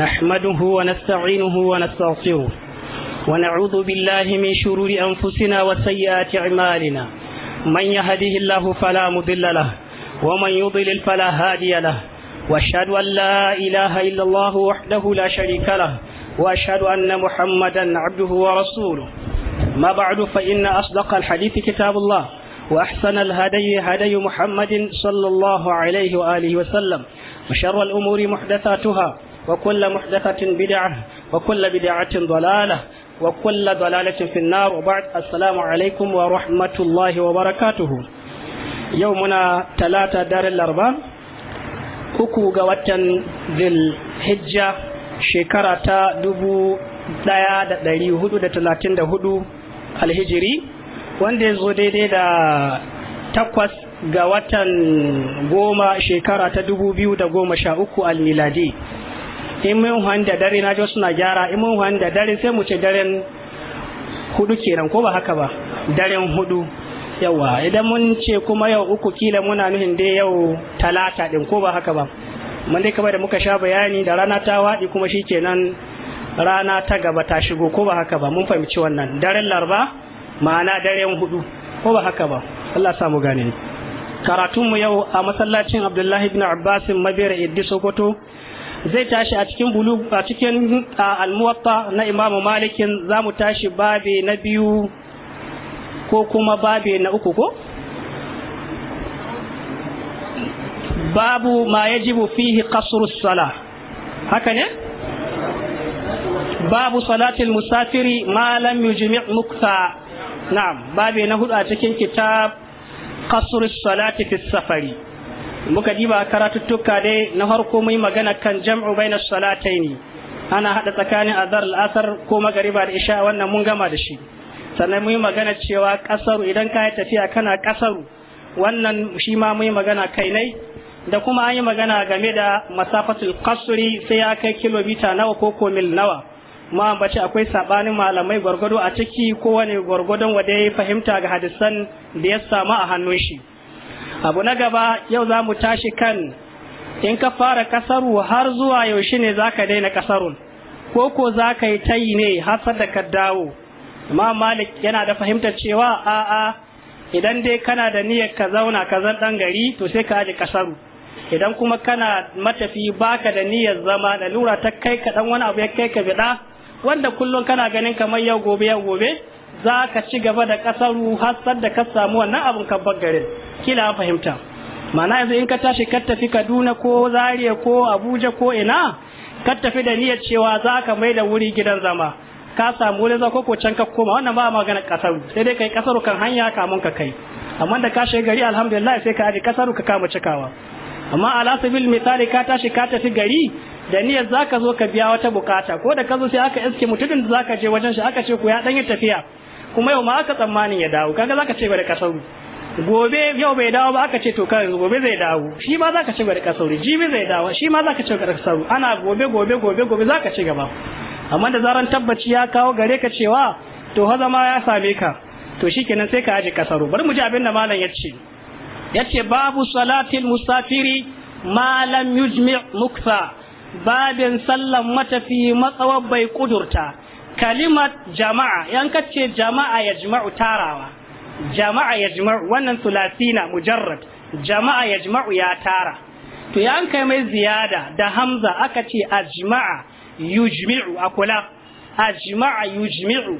نحمده ونستعينه ونستغفره ونعوذ بالله من شرور أنفسنا وسيئات أعمالنا من يهده الله فلا مضل له ومن يضلل فلا هادي له واشهد أن لا إله إلا الله وحده لا شريك له وأشهد أن محمدا عبده ورسوله ما بعد فإن أصدق الحديث كتاب الله وأحسن الهدي هدي محمد صلى الله عليه وآله وسلم وشر الأمور محدثاتها وكل محدثة بدعة وكل بدعة ضلالة وكل ضلالة في النار وبعد السلام عليكم ورحمة الله وبركاته يومنا ثلاثة دار الأربعاء uku ga watan hijja shekara ta dubu daya da hudu da talatin da alhijiri wanda ya zo daidai da takwas ga watan goma shekara ta dubu biyu da goma sha uku almiladi in mun huwan da dare na ji suna gyara in mun huwan da dare sai mu ce daren hudu kenan ko ba haka ba daren hudu yawa idan mun ce kuma yau uku kila muna nuhin dai yau talata din ko ba haka ba mun dai kamar da muka sha bayani da rana ta waɗi kuma shikenan rana ta gaba ta shigo ko ba haka ba mun fahimci wannan daren larba ma'ana daren hudu ko ba haka ba Allah samu gane karatunmu yau a masallacin Abdullahi ibn Abbas mabira Iddi Sokoto zai tashi a cikin bulu a cikin almuwatta na imamu malikin za mu tashi babe na biyu ko kuma babe na uku ko babu ma yajibu fihi qasru sala haka ne babu Salatin musafiri Malam lam mukta na'am babe na hudu a cikin kitab qasru salati fi safari muka diba karatuttuka dai na farko muyi magana kan jam'u baina ne ana hada tsakanin azhar al'asar ko magariba da isha wannan mun gama da shi sannan yi magana cewa kasar idan ka tafiya kana kasaru wannan shi ma muyi magana kai nai da kuma an yi magana game da masafatul qasri sai ya kai kilomita nawa ko ko mil nawa ma bace akwai sabanin malamai gwargwado a ciki kowane gwargwadon wanda ya fahimta ga hadisan da ya samu a hannun shi abu na gaba yau za mu tashi kan in ka fara kasaru har zuwa yaushe ne za ka daina kasarun ko ko za ka yi tayi ne har da ka dawo amma malik yana da fahimtar cewa a'a idan dai kana da niyyar ka zauna ka zan dan gari to sai ka aje kasaru idan kuma kana matafi baka da niyyar zama da lura ta kai ka dan wani abu ya kai ka bida wanda kullum kana ganin kamar yau gobe yau gobe za ka ci gaba da kasaru har da ka samu wannan abun kabbar garin kila fahimta ma'ana yanzu in ka tashi ka tafi kaduna ko zaria ko abuja ko ina ka tafi da niyyar cewa za ka mai da wuri gidan zama ka samu wurin zako ko can ka koma wannan ba magana kasaru sai dai kai kasaru kan hanya kamun ka kai amma da ka shiga gari alhamdulillah sai ka aje kasaru ka kama cikawa amma ala sabil misali ka tashi ka tafi gari da niyyar zaka zo ka biya wata bukata ko da ka zo sai aka iske mutumin da zaka je wajen shi aka ce ku ya dan yi tafiya kuma yau ma aka tsammanin ya dawo kaga zaka ce ba da kasaru gobe yau bai dawo ba aka ce to kan gobe zai dawo shi ma zaka ci gaba da kasauri jibi zai dawo shi ma zaka ci gaba da kasauri ana gobe gobe gobe gobe zaka ci gaba amma da zaran tabbaci ya kawo gare ka cewa to haza ma ya same ka to shikenan sai ka aje kasaru bari mu ji abin da malam ya ce ya ce babu salatil musafiri malam yujmi mukfa babin sallan matafi matsawar bai kudurta kalimat jama'a yan kace jama'a ya jima'u tarawa jama'a yajma'u wannan sulasina mujarrad jama'a yajma'u ya tara to ya an kai mai ziyada da hamza aka ce ajma'a yujmi'u akula ajma'a yujmi'u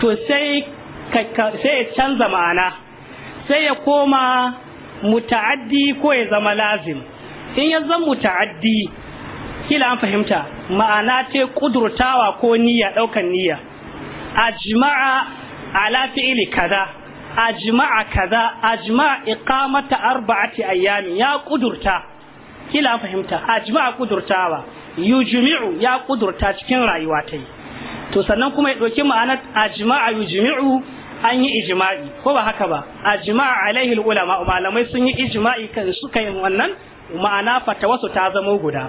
to sai sai ya canza ma'ana sai ya koma muta'addi ko ya zama lazim in ya zama muta'addi kila an fahimta ma'ana ce kudurtawa ko niyya daukan niyya ajma'a ala fi'ili kaza ajma'a kaza ajma'a iqamata arba'ati ayami ya kudurta kila fahimta ajma'a kudurtawa yujmi'u ya kudurta cikin rayuwa ta to sannan kuma ya ɗauki ma'anar ajma'a yujmi'u an yi ijma'i ko ba haka ba ajma'a alaihi ulama malamai sun yi ijma'i kan suka yin wannan ma'ana fatawasu ta zama guda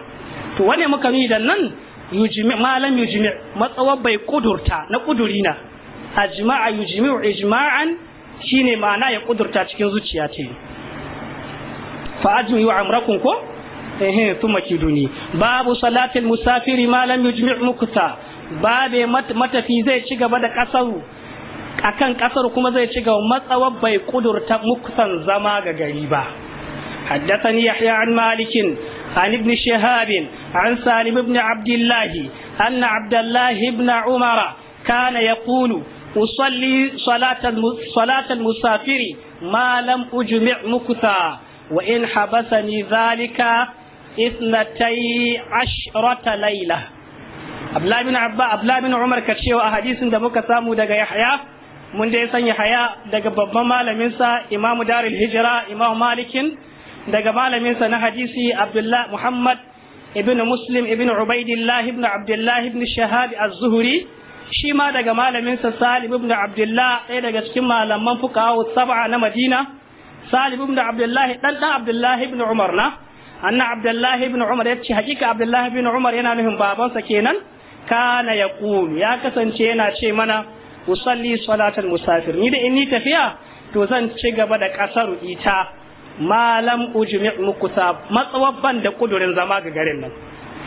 to wane muka nuni da nan yujmi malam yujmi matsawar bai kudurta na kudurina ajma'a yujmi'u ijma'an shine ma'ana ya kudurta cikin zuciya ce. fa ajmi wa amrakum ko eh babu salatil musafiri ma lam yujmi' mukta babe matafi zai ci gaba da kasaru akan kasar kuma zai ci gaba matsawar bai kudurta muktan zama ga gari ba حدثني يحيى an مالك عن ابن شهاب عن سالم بن عبد الله أن عبد الله بن عمر كان usalli salatal musafiri ma lam ujmi mukutha wa in habasani zalika اثنتي عشرة ليلة Abdullahi bin Abba Abdullahi bin Umar ka cewa a hadisin da muka samu daga Yahya mun dai san Yahya daga babban malamin sa Imam Darul Hijra Imam Malikin daga malamin sa na hadisi Abdullah Muhammad ibn Muslim ibn Ubaidillah ibn Abdullah ibn Shahab az-Zuhri shi ma daga malaminsa sa Salim ibn Abdullah ɗaya daga cikin malaman fuqaha sab'a na Madina Salim ibn Abdullah dan dan Abdullah ibn Umar na anna Abdullah ibn Umar yace hakika Abdullah ibn Umar yana nufin babansa kenan kana yaqum ya kasance yana ce mana usalli salatan musafir ni da in ni tafiya to zan ci gaba da kasar ita malam ujmi mukusa matsawabban da kudurin zama ga garin nan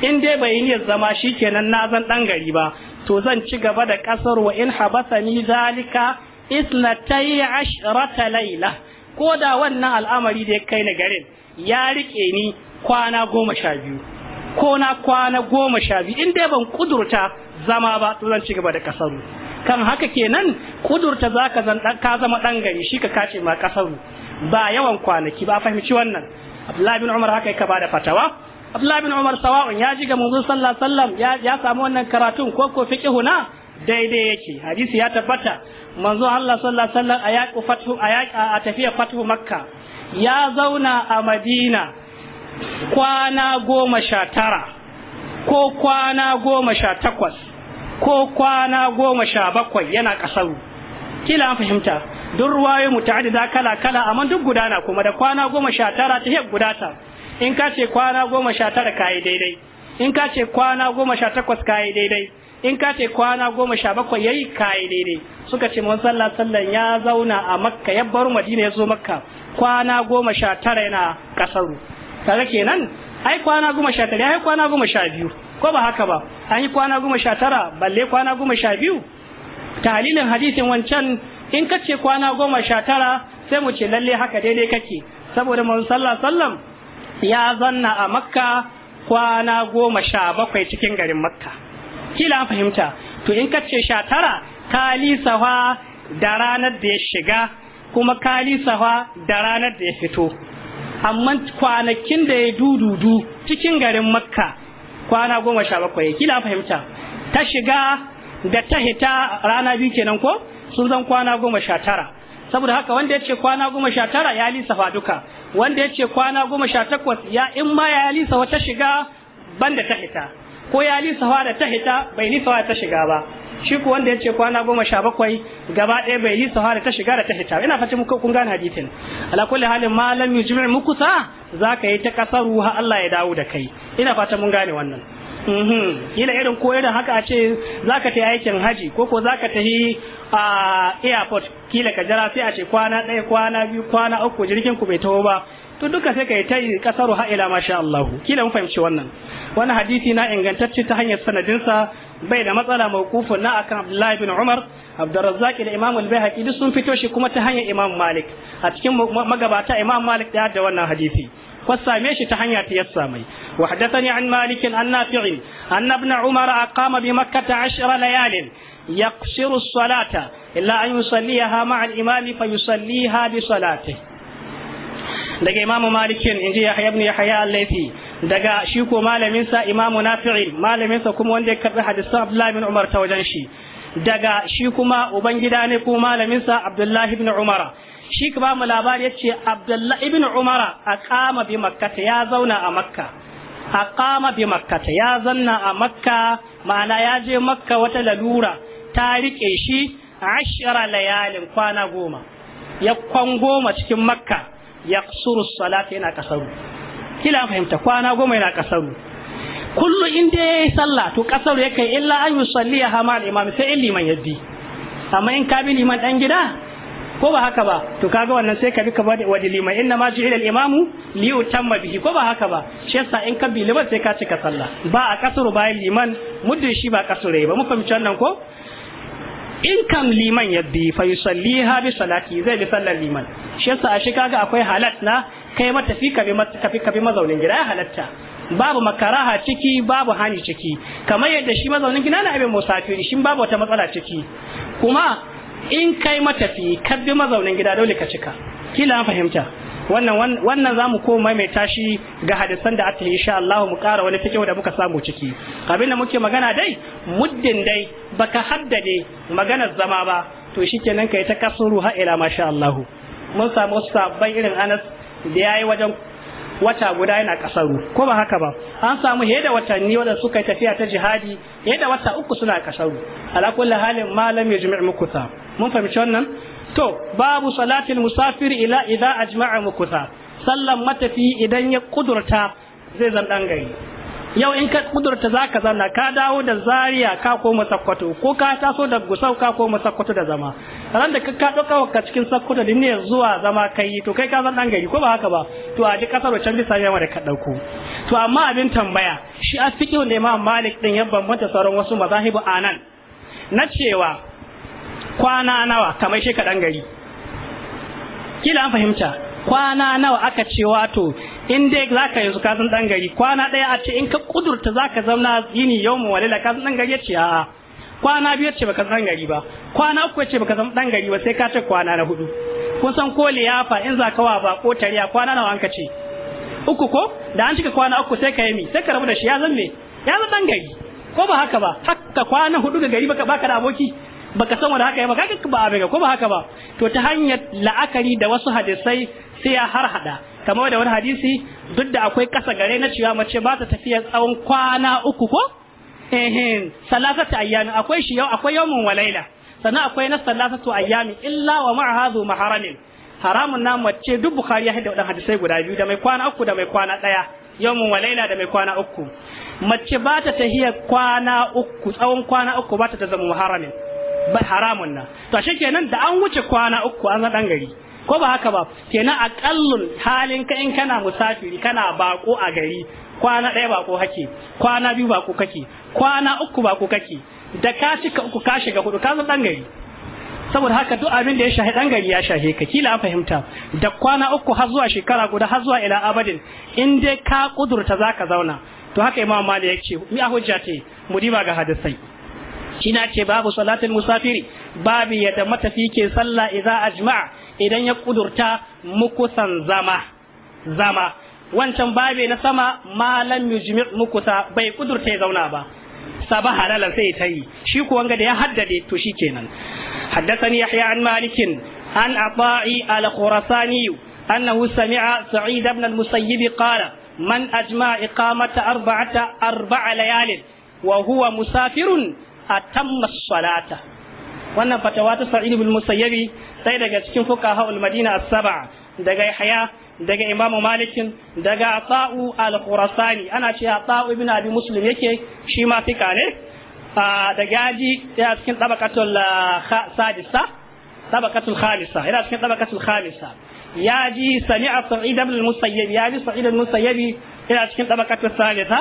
in dai bai yi zama shikenan na zan dan gari ba to zan ci gaba da kasar wa in ni zalika isnatai ashrata laila ko da wannan al'amari da ya kai ni garin ya rike ni kwana goma sha biyu ko na kwana goma sha biyu in dai ban kudurta zama ba to zan ci gaba da kasaru kan haka kenan kudurta zaka zan ka zama dan gari shi ka kace ma kasaru ba yawan kwanaki ba fahimci wannan Abdullahi bin Umar haka yake da fatawa Abdullahi bin Umar sawa'un ya ji ga manzo sallallahu alaihi wasallam ya ya samu wannan karatun ko ko fiqhu na daidai yake hadisi ya tabbata manzo Allah sallallahu alaihi wasallam a yaqu fathu a tafiya fathu makka ya zauna a madina kwana goma sha tara ko kwana goma sha takwas ko kwana goma sha bakwai yana ƙasaru kila an fahimta duk ruwaye mutane kala kala amma duk gudana kuma da kwana goma sha tara ta hiyar gudata in ka ce kwana goma sha tara kayi daidai in ka ce kwana goma sha takwas kayi daidai in ka ce kwana goma sha bakwai yayi kayi daidai suka ce mun sallah sallan ya zauna a makka ya bar madina ya zo makka kwana goma sha tara yana kasaru kaga kenan ai kwana goma sha tara ai kwana goma sha biyu ko ba haka ba an yi kwana goma sha tara balle kwana goma sha biyu talilin hadisin wancan in ka ce kwana goma sha tara sai mu ce lalle haka daidai kake saboda mun sallah sallam ya zanna a makka kwana goma sha bakwai cikin garin makka kila an fahimta to in kace sha tara ka lisafa da ranar da ya shiga kuma ka lisafa da ranar da ya fito amma kwanakin da ya dududu cikin garin makka kwana goma sha bakwai kila an fahimta ta shiga da ta hita rana biyu kenan ko sun zan kwana goma sha tara saboda haka wanda ya ce kwana goma sha tara ya lissafa duka wanda ya ce kwana goma sha takwas ya in ma ya lisa wata shiga banda ta hita ko ya lisa da ta hita bai lisa da ta shiga ba shi ku wanda ya ce kwana goma sha bakwai gaba ɗaya bai lisa da ta shiga da ta hita ina fata muku kun gane hadisin ala kulli halin malam lam yujmi' mukusa zaka yi ta kasaru ha Allah ya dawo da kai ina fata mun gane wannan Mhm. kila irin ko irin haka a ce za ka tafi aikin haji ko ko za ka tafi a airport kila ka jira sai a ce kwana ɗaya kwana biyu kwana uku jirgin ku bai taho ba to duka sai ka yi ta yi ƙasar ha masha Allah kila mun fahimci wannan wani hadisi na ingantacce ta hanyar sanadinsa bai da matsala mawqufun na akan Abdullahi bin Umar Abdurrazzaq da Imam Al-Baihaqi duk sun fito shi kuma ta hanyar Imam Malik a cikin magabata Imam Malik da da wannan hadisi فسامي شي تهنيا تيسامي وحدثني عن مالك عن نافع أن ابن عمر أقام بمكة عشر ليال يقصر الصلاة إلا أن يصليها مع الإمام فيصليها بصلاته daga imamu malikin inji yahya ibn yahya al-laythi daga shi ko malamin sa imamu nafi'in malamin sa kuma wanda ya karbi hadisan abdullah ibn umar ta wajen shi daga shi kuma ubangida ne ko malamin sa abdullah ibn umara shi ka ba mu labari yace Abdullah ibn Umara aqama bi Makkah ya zauna a Makka aqama bi Makkah ya zanna a Makka ma'ana ya je Makka wata lalura ta rike shi ashara layalin kwana goma ya kwan goma cikin Makka ya suru salati yana kasaru kila fahimta kwana goma yana kasaru kullu inda yayi sallah to kasaru yake illa an yusalliha ma al-imam sai liman yaddi amma in ka bi liman dan gida ko ba haka ba to kaga wannan sai ka bi ka bada wadi liman inna ma ju'ila al-imamu li yutamma bihi ko ba haka ba shi yasa in ka bi liman sai ka cika sallah ba a kasuru bayan liman muddin shi ba kasure ba mu fahimci wannan ko in kam liman ya bi fa yusalliha bi salati zai bi sallar liman shi yasa a shi kaga akwai halat na kai mata fi ka bi ka bi mazaunin gida ya halatta babu makaraha ciki babu hani ciki kamar yadda shi mazaunin gida na abin musafiri shin babu wata matsala ciki kuma in kai matafi ka bi mazaunin gida dole ka cika kila an fahimta wannan wannan zamu koma mai tashi ga hadisan da aka yi insha Allah mu ƙara wani fike da muka samu ciki abin da muke magana dai muddin dai baka haddade maganar zama ba to shikenan kai ta kasuru ha ila masha Allah mun samu sabban irin Anas da yayi wajen wata guda yana kasaru ko ba haka ba an samu heda watanni wanda suka yi tafiya ta jihadi heda wata uku suna kasaru ala kulli halin malam yajmi' mukuta mun fahimci wannan to babu salatil musafir ila idza ajma'a mukusa sallan matafi idan ya kudurta zai zan dan gari yau in ka kudurta zaka zanna ka dawo da Zariya ka koma sakkwato ko ka taso da gusau ka koma sakkwato da zama ran da ka dauka ka cikin sakkwato din ne zuwa zama kai to kai ka zan dan gari ko ba haka ba to a ji kasar can bisa yawa da ka dauko to amma abin tambaya shi a asfiqi ne ma malik din ya bambanta sauran wasu mazahibu anan na cewa kwana nawa kamar shi kaɗan gari kila an fahimta kwana nawa aka ce wato in dai za ka yanzu kasan ɗan gari kwana ɗaya a ce in ka kudurta za ka zauna yini yau mu walila kasan ɗan gari ya ce a'a kwana biyu ce baka san gari ba kwana uku ce baka san ɗan gari ba sai ka ce kwana na hudu kun san ko liyafa in za ka wa ba ko tariya kwana nawa an ka ce uku ko da an cika kwana uku sai ka yi mi sai ka rabu da shi ya zan me ya zan ɗan gari ko ba haka ba haka kwana hudu ga gari baka baka da aboki baka san wani haka ya ba kaga ba abin ko ba haka ba to ta hanyar la'akari da wasu hadisai sai ya har hada kamar da wani hadisi duk da akwai kasa gare na cewa mace ba ta tafiya tsawon kwana uku ko ehin salatatu ayyami akwai shi yau akwai yawmun walaila sannan akwai na salasatu ayyami illa wa ma'a hadu maharamin haramun na mace duk bukhari ya haɗa hadisai guda biyu da mai kwana uku da mai kwana ɗaya yawmun walaila da mai kwana uku mace ba ta tafiya kwana uku tsawon kwana uku ba ta zama maharamin. ba haramun nan to ashe kenan da an wuce kwana uku an dan gari ko ba haka ba kenan aqallun halin ka in kana musafiri kana bako a gari kwana ɗaya bako hake kwana biyu bako kake kwana uku bako kake da ka cika uku ka shiga hudu ka zan dan gari saboda haka duk abin da ya shahi dan gari ya shahe ka kila an fahimta da kwana uku har zuwa shekara guda har zuwa ila abadin in dai ka kudurta zaka zauna to haka imam malik ya ce mi a hujja ce mu diba ga hadisai shina ce babu salatin musafiri babu yadda matafi ke sallah idan ajma'a idan ya kudurta muku san zama zama wancan babe na sama malam yujmi muku sa bai kudurta ya zauna ba sabu halala sai ta yi shi ko wanga da ya haddade to shikenan haddathani yahya an malik an ata'i al khurasani annahu sami'a sa'id ibn al musayyib qala man ajma'a iqamata arba'ata arba'a layalin وهو مسافر atamma salata wannan fatawa ta sa'id ibn musayyibi sai daga cikin fuqaha ul madina as-sab'a daga yahya daga imamu malikin daga ata'u al-khurasani ana ce ata'u ibn abi muslim yake shi ma fika ne daga gaji ya cikin tabaqatul ah, sadisa tabaqatul khamisa yana cikin tabaqatul khamisa ya ji sami'a sa'id ibn musayyib ya ji sa'id ibn musayyib yana cikin tabaqatul salisa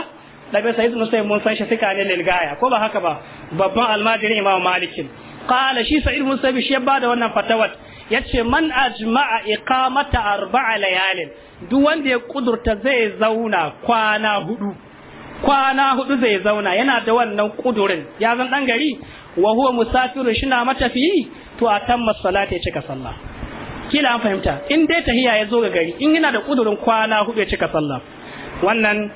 daga sai sun sai mun san shi fika ne lil gaya ko ba haka ba babban almajiri imam malikin qala shi sai mun sai shi ya bada wannan fatawat yace man ajma'a iqamata arba'a layalin duk wanda ya kudurta zai zauna kwana hudu kwana hudu zai zauna yana da wannan kudurin ya zan dan gari wa huwa musafirun shi na matafi? to a tamma salati ya cika sallah kila an fahimta in dai tahiya ya zo ga gari in yana da kudurin kwana hudu ya cika sallah wannan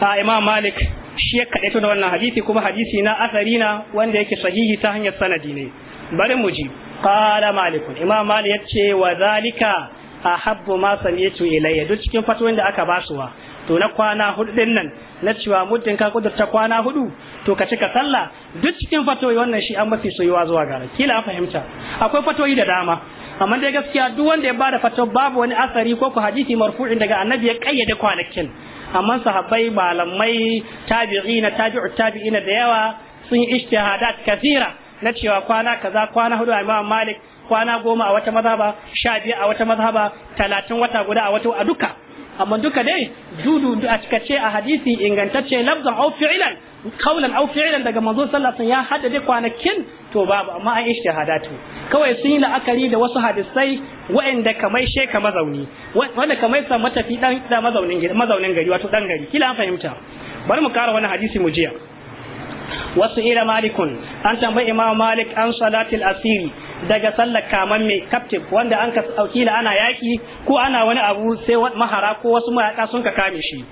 a imam malik shi ya kaɗe da wannan hadisi kuma hadisi na asari na wanda yake sahihi ta hanyar sanadi ne bari mu ji qala malikun imam malik yace wa zalika ahabbu ma sami'tu ilayya duk cikin fatuwar da aka basuwa to na kwana hudu din nan na cewa muddin ka ta kwana hudu to ka cika sallah duk cikin fatoyi wannan shi an mafi soyuwa zuwa gara kila an fahimta akwai fatoyi da dama amma dai gaskiya duk wanda ya bada fato babu wani asari ko ku hadisi marfu'in daga annabi ya kayyade kwanakin amma sahabbai malamai na tabi'u na da yawa sun yi ijtihadat kasira na cewa kwana kaza kwana hudu a Imam Malik kwana goma a wata mazhaba sha biyu a wata mazhaba talatin wata guda a wata a duka amma duka dai judu a cikace a hadisi ingantacce lafzan au fi'lan kaulan au fi'lan daga manzo sallallahu alaihi wasallam ya haddade kwanakin to babu amma an ishtihadatu kawai sun yi la'akari da wasu hadisai waɗanda kamai she mazauni wanda kamai sa matafi dan da mazaunin gari mazaunin gari wato dan gari kila an fahimta bari mu kara wani hadisi mu jiya wasu ila malikun an tambayi imam malik an salatil asiri daga sallar kaman mai kaftin wanda an ka kila ana yaki ko ana wani abu sai mahara ko wasu mayaka sun ka kame shi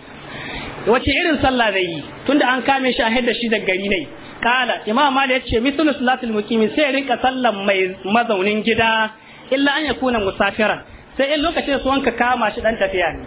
wace irin sallah zai yi tunda an kame shi a hidda shi daga gari ne kala imam mali ya ce mithlu salatul muqimi sai rinka sallan mai mazaunin gida illa an yakuna musafiran sai in lokacin su wanka kama shi dan tafiya ne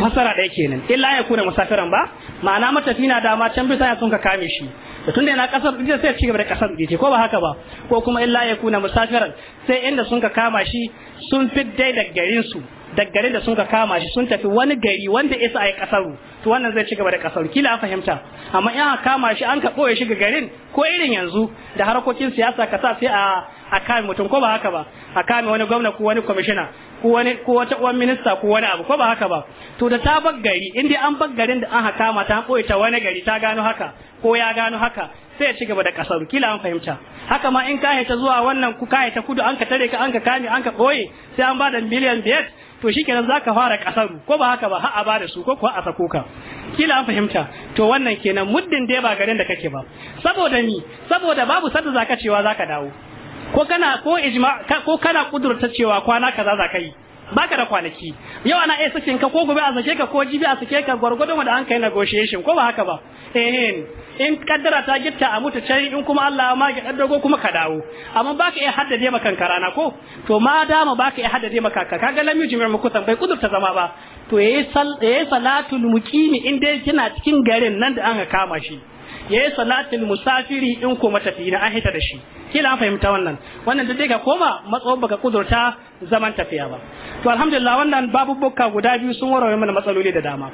fasara ɗaya kenan illa ya kuna musafiran ba ma'ana matafi na dama can bisa ya sun ka kame shi da tunda yana kasar ita sai ci gaba da kasar ce ko ba haka ba ko kuma illa ya kuna musafiran sai inda sun ka kama shi sun dai da garin su daggare da sun ka kama shi sun tafi wani gari wanda isa a kasaru to wannan zai ci gaba da kasaru kila an fahimta amma in aka kama shi an ka boye shi garin ko irin yanzu da harkokin siyasa ka sa sai a a kame mutum ko ba haka ba a kame wani gwamna ko wani kwamishina ko wani ko wata uwan minista ko wani abu ko ba haka ba to da ta bar gari in dai an bar garin da an haka ma ta boye ta wani gari ta gano haka ko ya gano haka sai ya ci gaba da kasar kila an fahimta haka ma in ka ta zuwa wannan ku ka ta kudu an ka tare ka an ka kame an ka boye sai an ba da miliyan to shi shikenan zaka fara kasar ko ba haka ba har a bada su ko kuwa a sako ka kila an fahimta to wannan kenan muddin dai ba garin da kake ba saboda ni saboda babu sadda zaka cewa zaka dawo ko kana ko ijma ko kana kudurta cewa kwana kaza zaka yi baka da kwanaki yau ana iya sakin ka ko gobe a sake ka ko jibi a sake ka gwargwadon da an kai negotiation ko ba haka ba eh in kaddara ta gitta a mutu can in kuma Allah ma ga daddago kuma ka dawo amma baka iya haddade maka rana ko to ma dama baka iya haddade maka ka kaga lam yujmi mu kusan bai kudurta zama ba to yayi salatul muqimi in dai kina cikin garin nan da an kama shi yayi salatin musafiri in ko matafi na an hita da shi kila an fahimta wannan wannan dai ka koma matsawon baka kudurta zaman tafiya ba to alhamdulillah wannan babu bukka guda biyu sun warware mana matsaloli da dama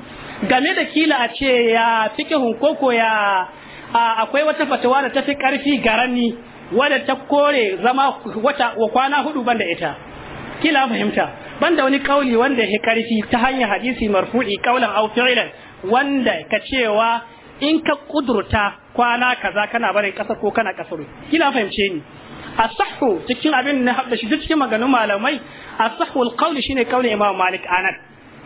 game da kila a ce ya fikihun koko ya akwai wata fatawa da tafi karfi garani wadda ta kore zama wata kwana hudu banda ita kila fahimta banda wani kauli wanda ya karfi ta hanyar hadisi marfu'i kaulan aw fi'lan wanda ka cewa in ka kudurta kwana kaza kana barin kasar ko kana kasar kila fahimce ni asahu cikin abin na habda shi cikin maganun malamai asahu alqauli shine kaulin imam malik anan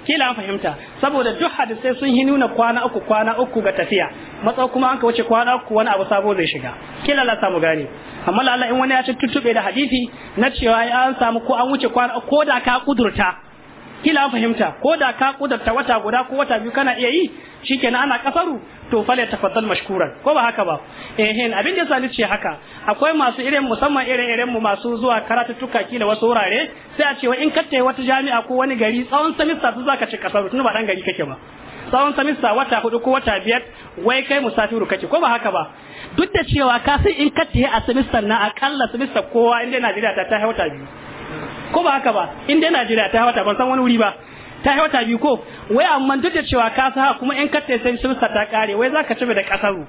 kila fahimta saboda duk hadisai sun yi nuna kwana uku kwana uku ga tafiya matsa kuma an ka wuce kwana uku wani abu sabo zai shiga kila la samu gane amma Allah in wani ya ci tutube da hadisi na cewa an samu ko an wuce kwana ko da ka kudurta kila fahimta ko da ka kudarta wata guda ko wata biyu kana iya yi shikenan ana kasaru to fal ta fadal mashkuran ko ba haka ba eh abin da yasa ce haka akwai masu irin musamman irin irin mu masu zuwa karatuttuka kila wasu wurare sai a ce in ka tayi wata jami'a ko wani gari tsawon semester su zaka ci kasaru tun ba dan gari kake ba tsawon semester wata hudu ko wata biyar wai kai musafiru kake ko ba haka ba duk da cewa ka san in ka tayi a semester na akalla semester kowa inda Najeriya ta ta wata biyu ko ba haka ba in dai Najeriya ta hawata ban san wani wuri ba ta hawata biyu ko wai amma duk da cewa ka sa kuma in ka sai sun ta kare wai zaka ci da kasaru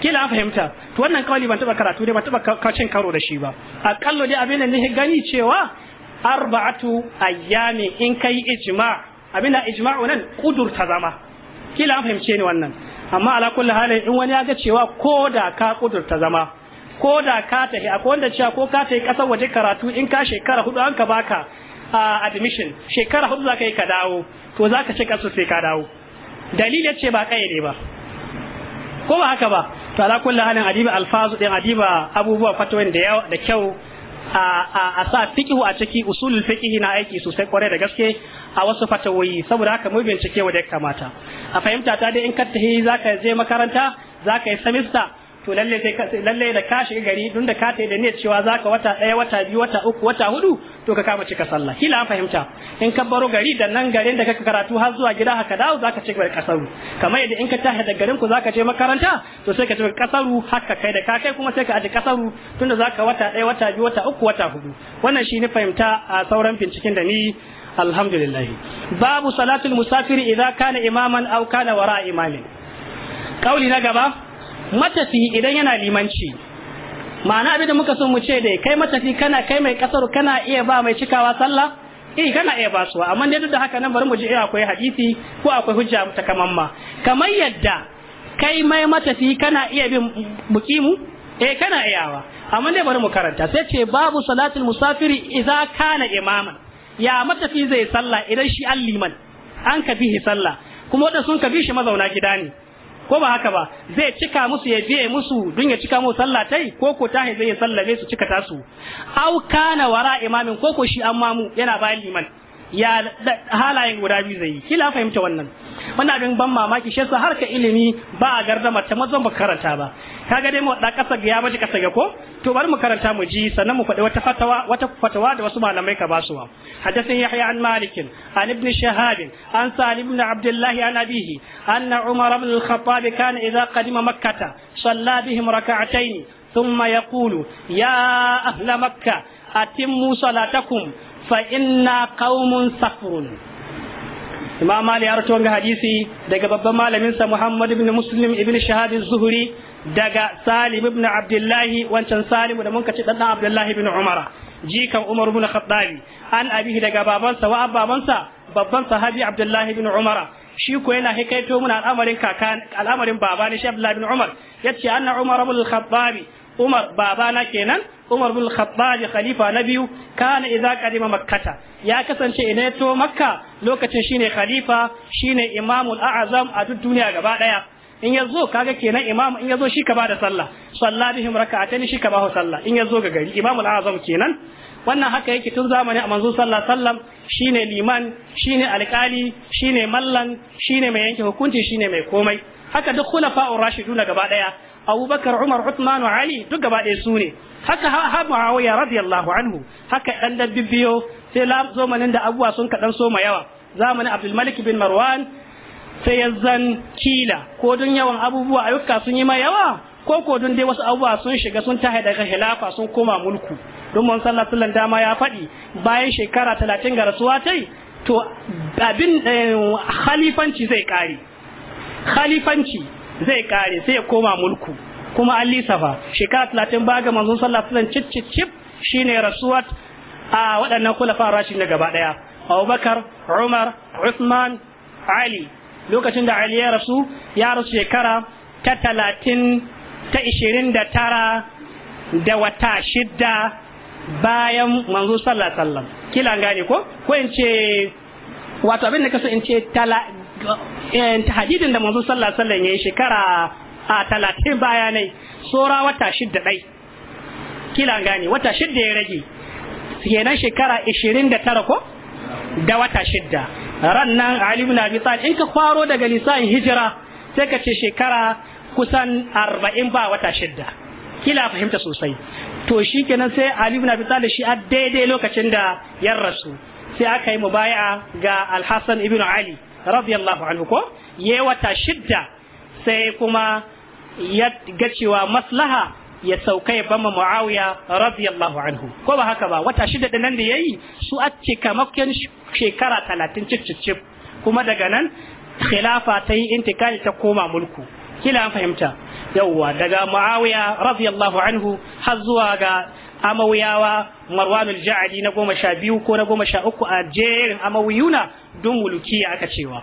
kila an fahimta to wannan kawali ban taba karatu dai ban taba kacin karo da shi ba akallo dai abin da nake gani cewa arba'atu ayyami in kai ijma abin da ijma'u nan kudur ta zama kila an fahimce ni wannan amma ala kulli halin in wani ya ga cewa ko da ka kudur ta zama ko da ka tafi akwai wanda cewa ko ka tafi kasar waje karatu in ka shekara hudu an ka baka admission shekara hudu zaka yi ka dawo to zaka ka ce kasu sai ka dawo dalilin ce ba kai ne ba ko ba haka ba to ala kullu halin adiba alfazu din adiba abubuwa fatawin da da kyau a sa fiqhu a ciki usulul fikihi na aiki sosai kware da gaske a wasu fatawoyi saboda haka mu bincike wa ya kamata a fahimta ta dai in ka tafi zaka je makaranta zaka yi semester to lalle sai lalle da ka shiga gari tun da ka tai da ne cewa zaka wata ɗaya wata biyu wata uku wata hudu to ka kama cika sallah kila an fahimta in ka baro gari da nan garin da kaka karatu har zuwa gida haka dawo zaka ci gaba da kasaru kamar yadda in ka tashi da garin ku zaka je makaranta to sai ka cika kasaru haka kai da ka kai kuma sai ka aji kasaru tunda zaka wata ɗaya wata biyu wata uku wata hudu wannan shi ne fahimta a sauran binciken da ni alhamdulillah babu salatul musafiri idza kana imaman aw kana wara imamin kauli na gaba matafi idan yana limanci ma'ana abin da muka so mu ce dai kai matafi kana kai mai kasar kana iya ba mai cikawa sallah eh kana iya ba su amma dai duk da haka nan bari mu ji eh akwai hadisi ko akwai hujja ta ma kamar yadda kai mai matafi kana iya bin mukimu eh kana iyawa amma dai bari mu karanta sai ce babu salatul musafiri idza kana imaman ya matafi zai sallah idan shi an liman an kabihi sallah kuma wadda sun kafi shi mazauna gida ne ko ba haka ba zai cika musu ya biye musu don ya cika musu sallah tai ko ko tahi zai sallame su cika tasu au kana wara imamin ko ko shi an mamu yana bayan liman ya halayen guda biyu zai yi kila fahimta wannan wani abin ban mamaki shi yasa harka ilimi ba a gardama ta mazan ba karanta ba kaga dai mu da kasa ga ya baje kasa ga ko to bari mu karanta mu ji sannan mu faɗi wata fatawa wata fatawa da wasu malamai ka ba su wa hadasin yahya an malik an ibn shahab an salim ibn abdullah an abihi anna umar ibn al-khattab kana idza qadima makkah salla bihim rak'atayn ثم يقول يا أهل مكة أتموا صلاتكم fa inna qaumun safrun imam mali ya rawaito hadisi daga babban malamin sa muhammad ibn muslim ibn shahab zuhri daga salim ibn abdullahi wancan salim da mun kace dan abdullahi ibn umara jikan umar ibn khattabi an abihi daga babansa wa babansa babban sahabi abdullahi ibn umara shi ko yana hikaito muna al'amarin kaka al'amarin baba ne shi Abdullahi bin Umar yace anna Umar ibn khattab Umar babana kenan Umar bin Khattab khalifa na biyu kana idza qadima makkata ya kasance ina to makka lokacin shine khalifa shine imamul a'zam a duk duniya gaba daya in ya zo kaga kenan imam in ya zo shi ka bada sallah sallah bihim raka'atan shi ka bahu sallah in ya zo ga gari imam al-azam kenan wannan haka yake tun zamanin a manzo sallah sallam shine liman shine alkali shine mallan shine mai yanke hukunci shine mai komai haka duk khulafa rashiduna gaba daya abubakar umar uthman ali duk gaba ɗaya su ne haka ha muawiya radiyallahu anhu haka dan dabbin biyo sai la zamanin da abuwa sun kaɗan ma yawa zamanin abdul malik bin marwan sai ya kila ko don yawan abubuwa ayyuka sun yi ma yawa ko ko don dai wasu abubuwa sun shiga sun tahe daga hilafa sun koma mulku don mun sallallahu dama ya faɗi bayan shekara talatin ga rasuwa tai to abin eh, khalifanci zai kare khalifanci zai kare sai ya koma mulku kuma an lisafa shekara talatin ba ga manzon sallallahu alaihi wasallam cip cip cip shine rasuwat a waɗannan kulafa rashin na gaba ɗaya abubakar umar usman ali lokacin da ali ya rasu ya rasu shekara ta talatin ta ishirin da tara da wata shidda bayan manzo sallallahu alaihi wasallam kila gane ko ko in ce wato abin da kasu in ce Eh, ta hadidin da manzo sallallahu alaihi wasallam yi shekara a talatin bayanai sora wata shidda dai kila gane wata shidda ya rage kenan shekara 29 ko da wata shidda ran nan Ali ibn Abi Talib in ka faro daga lisan hijira sai ka ce shekara kusan 40 ba wata shidda kila fahimta sosai to shi nan sai Ali ibn Abi Talib shi a daidai lokacin da ya rasu sai aka yi mubaya'a ga Al-Hasan ibn Ali radiyallahu anhu ko yayi wata shidda sai kuma ya ga cewa maslaha ya sauka ya bama muawiya radiyallahu anhu ko ba haka ba wata shidda da nan da yayi su a cikakken shekara 30 cicicip kuma daga nan khilafa ta yi intikali ta koma mulku kila an fahimta yawwa daga muawiya radiyallahu anhu har zuwa ga amawiyawa marwanul al-ja'di na goma sha biyu ko na goma sha uku a jerin amawiyuna dun mulukiya aka cewa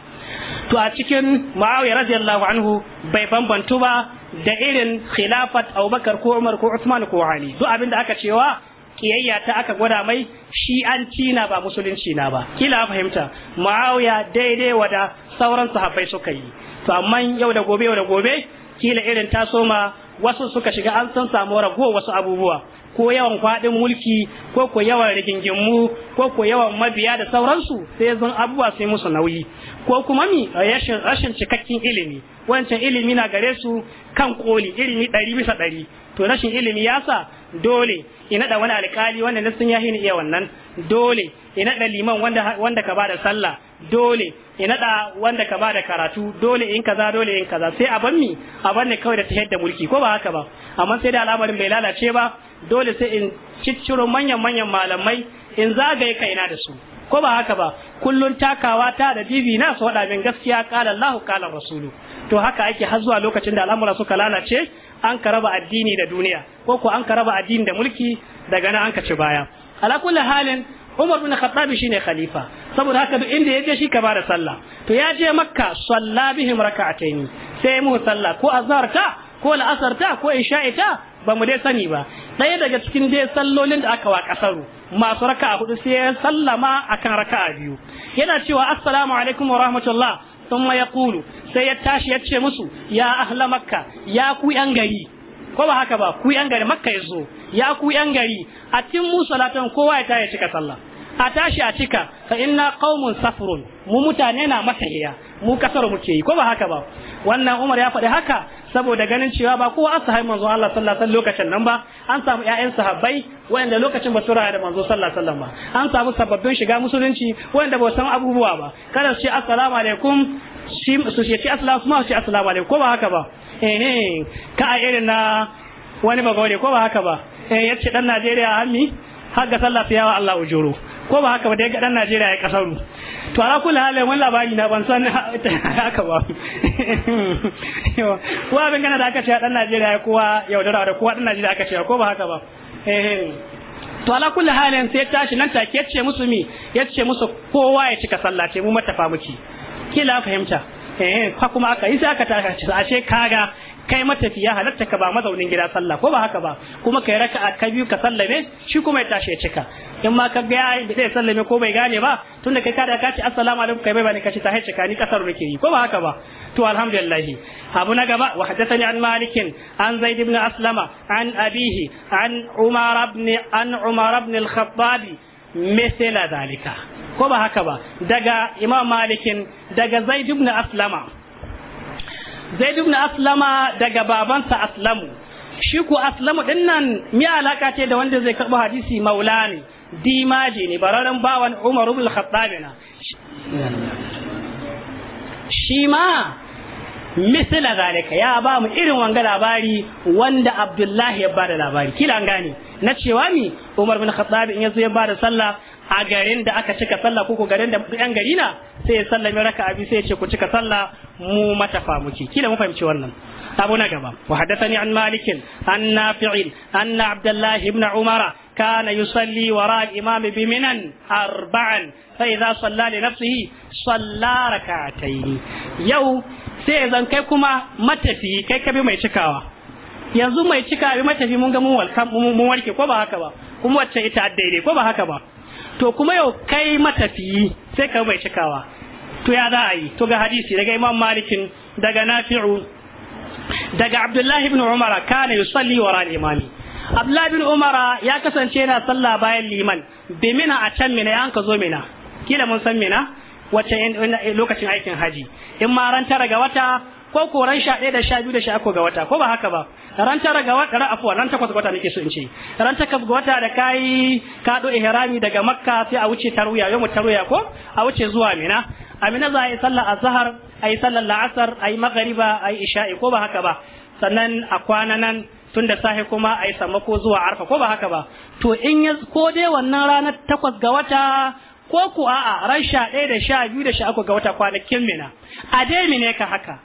to a cikin Muawiya radiyallahu anhu bai bambantu ba da irin khilafat Abubakar ko Umar ko Uthman ko Ali duk abin da aka cewa kiyayya ta aka gwada mai shi an cina ba musulunci na ba kila fahimta Muawiya daidai wada sauran sahabbai suka yi to amma yau da gobe yau da gobe kila irin ta soma wasu suka shiga an san samu rago wasu abubuwa ko yawan kwaɗin mulki ko ko yawan rigingimu ko ko yawan mabiya da sauransu sai zan abubuwa sai musu nauyi ko kuma mi rashin rashin cikakken ilimi wancan ilimi na gare su kan koli ilimi ɗari bisa ɗari to rashin ilimi ya sa dole ina da wani alkali wanda na sun yahi ni iya wannan dole ina da liman wanda wanda ka bada sallah dole ina da wanda ka bada karatu dole in kaza dole in kaza sai a ban mi a ban ne kawai da ta yadda mulki ko ba haka ba amma sai da al'amarin bai lalace ba dole sai in cicciro manyan manyan malamai in zagaye kaina da su ko ba haka ba kullun takawa ta da bibi na su wada min gaskiya qala Allahu qala rasulu to haka ake har zuwa lokacin da al'amura suka lalace an ka raba addini da duniya ko ko an ka raba addini da mulki daga nan an ka ci baya ala kulli halin Umar bin Khattab shine khalifa saboda haka duk inda yaje shi ka bada sallah to ya je Makka salla bihim raka'atayn sai mu sallah ko azhar ta ko al'asr ta ko isha'i ta ba mu dai sani ba ɗaya daga cikin dai sallolin da aka wa kasaru masu a hudu sai ya sallama akan raka'a biyu yana cewa assalamu alaikum wa rahmatullah maya yaqulu sai ya tashi ya ce musu ya ahla makka ya ku yan gari ko ba haka ba ku yan gari makka yazo ya ku yan gari a cin mu salatan kowa ya tashi cika sallah a tashi a cika fa inna qaumun safrun mu mutane na masahiya mu kasar muke yi ko ba haka ba wannan Umar ya faɗi haka saboda ganin cewa ba kowa ashabi manzo Allah sallallahu alaihi lokacin nan ba an samu ƴaƴan sahabbai wanda lokacin ba su da manzo sallallahu alaihi ba an samu sababbin shiga musulunci wanda ba san abubuwa ba kada su ce assalamu alaikum su ce assalamu kuma su ce assalamu alaikum ko ba haka ba eh eh ka a irin na wani bagore ko ba haka ba eh yace dan Najeriya ammi har ga sallah sai wa Allah ujuru ko ba haka ba dai ga dan Najeriya ya kasaru to ala kulli halin wani labari na ban san haka ba ko abin kana da aka ce dan Najeriya ya kowa yaudara da kowa dan Najeriya aka ce ko ba haka ba eh to ala kulli halin sai ya tashi nan take yace musu mi yace musu kowa ya cika sallah ce mu matafa muke kila fahimta eh fa kuma aka yi sai aka tashi ashe kaga kai matafiya halatta ka ba mazaunin gida sallah ko ba haka ba kuma kai raka'a ka biyu ka sallame shi kuma ya tashi ya cika in ma ka ga ya zai sallame ko bai gane ba tunda kai kada ka ce assalamu alaikum kai bai bane ka ce tahe cika ni kasar nake yi ko ba haka ba to alhamdulillah abu na gaba wa hadathani an malik an zaid ibn aslama an abihi an umar ibn an umar ibn al-khattabi misala zalika ko ba haka ba daga imam malikin daga zaid ibn aslama zaid ibn aslama daga babansa aslamu shi ko aslamu din nan mi alaka ce da wanda zai karɓi hadisi maula ne dimaji ne bararan bawan umar ibn khattab na shi ma zalika ya ba mu irin wanga labari wanda abdullahi ya bada labari kila an gane na cewa ni umar bin khattab in yazo ya bada sallah a garin da aka cika sallah ko garin da yan gari na sai ya sallame raka'a bi sai ya ce ku cika sallah mu matafa muke kila mu fahimci wannan abu na gaba wa haddathani an malik an nafi'in anna abdullahi ibn umara كان يصلي وراء الإمام بمنا أربعا فإذا صلى لنفسه صلى ركعتين يو سيزن كيكما متفي كيكبي mai cikawa yanzu mai cika bi matafi mun ga mun walkan mun warke ko ba haka ba kuma wacce ita daidai ko ba haka ba to kuma yau kai matafiyi sai ka bai cikawa to ya za a yi to ga hadisi daga imam malikin daga nafi'u daga abdullahi ibn umara kana yusalli wa ran imani. abdullahi ibn umara ya kasance yana sallah bayan liman bi mina a can mina ya ka zo mina kila mun san mina wacce lokacin aikin haji in ma ran ga wata ko koran sha ɗaya da sha biyu da sha uku ga wata ko ba haka ba ran tara ga wata ran afuwa ran takwas ga wata nake so in ce ran takwas ga wata da kai ka do ihrami daga makka sai a wuce tarwiya yau tarwiya ko a wuce zuwa mina amina za a yi sallar azhar a yi sallar la'asar a yi maghriba a yi isha'i ko ba haka ba sannan a kwana nan tun da safe kuma a yi sammako zuwa arfa ko ba haka ba to in ya ko dai wannan ranar takwas ga wata ko ku a'a ran sha ɗaya da sha biyu da sha uku ga wata kwanakin mina a dai mine ka haka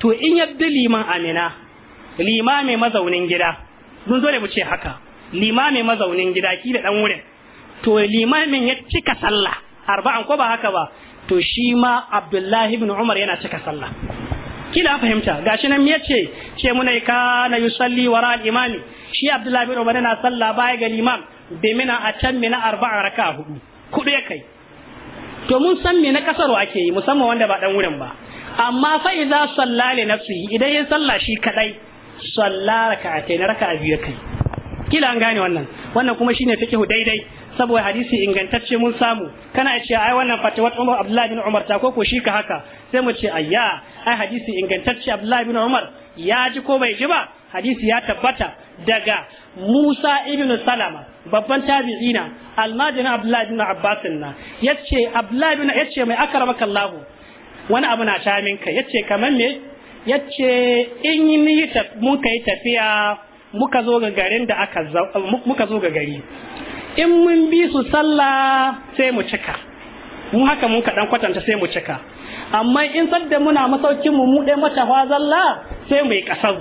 to in ya bi liman amina limami mazaunin gida mun zo ne mu ce haka limami mazaunin gida ki da dan wurin to limamin ya cika sallah arba'an ko ba haka ba to shi ma abdullahi ibn umar yana cika sallah kila fahimta gashi nan me yace ce ka kana yusalli wara al-imami shi abdullahi ibn umar yana sallah baya ga limam bi mina a can mina arba'a raka hudu kudu ya kai to mun san me na kasaro ake yi musamman wanda ba dan wurin ba amma fa iza sallale nafsi idan ya salla shi kadai salla na raka'a biyu kai kila an gane wannan wannan kuma shine fiqhu daidai saboda hadisi ingantacce mun samu kana ce ai wannan fatawat Umar Abdullahi bin Umar ta koko shi ka haka sai mu ce ayya ai hadisi ingantacce Abdullahi bin Umar ya ji ko bai ji ba hadisi ya tabbata daga Musa ibn Salama babban tabi'ina almajin Abdullahi bin Abbas na yace Abdullahi bin yace mai akramaka Allah wani abu na shamin ka yace kamar me ce in yi ni muka yi tafiya muka zo ga garin da aka muka gari in mun bi su sallah sai mu cika mu haka mun kaɗan kwatanta sai mu cika amma in sadda muna masaukin mu mu ɗaya mata zalla sai mu ƙasar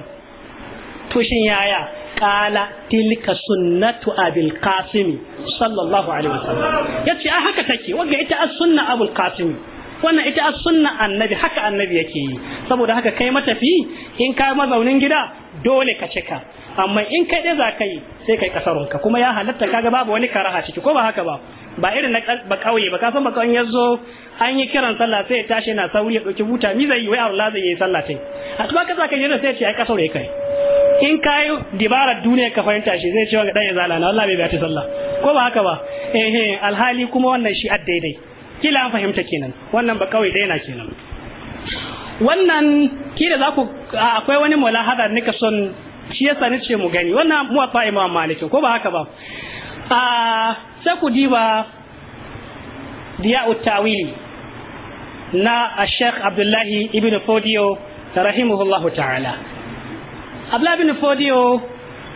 Tushin yaya kala tilka sunnatu abil qasimi sallallahu alaihi wasallam ce a haka take wanda ita as sunna abul qasimi wannan ita as sunna annabi haka annabi yake yi saboda haka kai matafi in ka mazaunin gida dole ka cika amma in kai dai za ka sai kai kasarunka kuma ya halatta kaga babu wani karaha ciki ko ba haka ba ba irin na ba kauye ba kasan ba kauye yazo an yi kiran sallah sai ya tashi yana sauri ya dauki buta mi zai yi wai Allah zai yi sallah tai a tuba ka zaka jira sai ya ce ai kasaure kai in kai dibara duniya ka fahimta shi zai ce wa ga dan ya zalana wallahi bai ta sallah ko ba haka ba eh alhali kuma wannan shi addaidai kila an fahimta kenan wannan ba kawai ɗaya kenan wannan kila za ku akwai wani mulahada da nika son shi yasa ni ce mu gani wannan mu fa imam maliki ko ba haka ba a sai ku diba diya'u tawili na Sheikh Abdullahi ibn Fodiyo rahimahullahu ta'ala Abdullahi ibn Fodiyo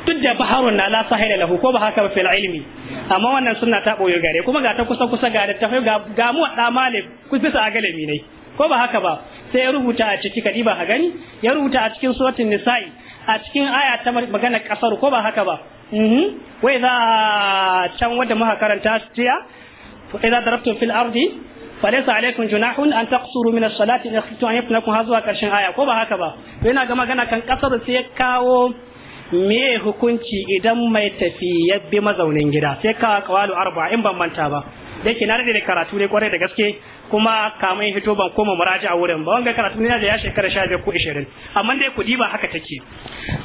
duk da baharun na lasa sahila lahu ko ba haka ba fil ilmi amma wannan sunna ta boye gare kuma ga ta kusa kusa ga da tafi ga mu da malib ku bisa agalami ne ko ba haka ba sai ya rubuta a ciki kadi ba ha gani ya rubuta a cikin suratul nisa'i a cikin aya ta magana kasar ko ba haka ba mhm wai za can wanda muka karanta tiya fa idza darabtum fil ardi falaysa alaykum junahun an taqsuru min as-salati in khiftum an yafnakum hazwa karshen aya ko ba haka ba to yana ga magana kan kasar sai ya kawo me hukunci idan mai tafi ya bi mazaunin gida sai ka kawalu arba in ban manta ba yake na da karatu ne kwarai da gaske kuma kamar hito ban koma muraji a wurin ba wanga karatu ne da ya shekara 15 ko 20 amma dai kudi ba haka take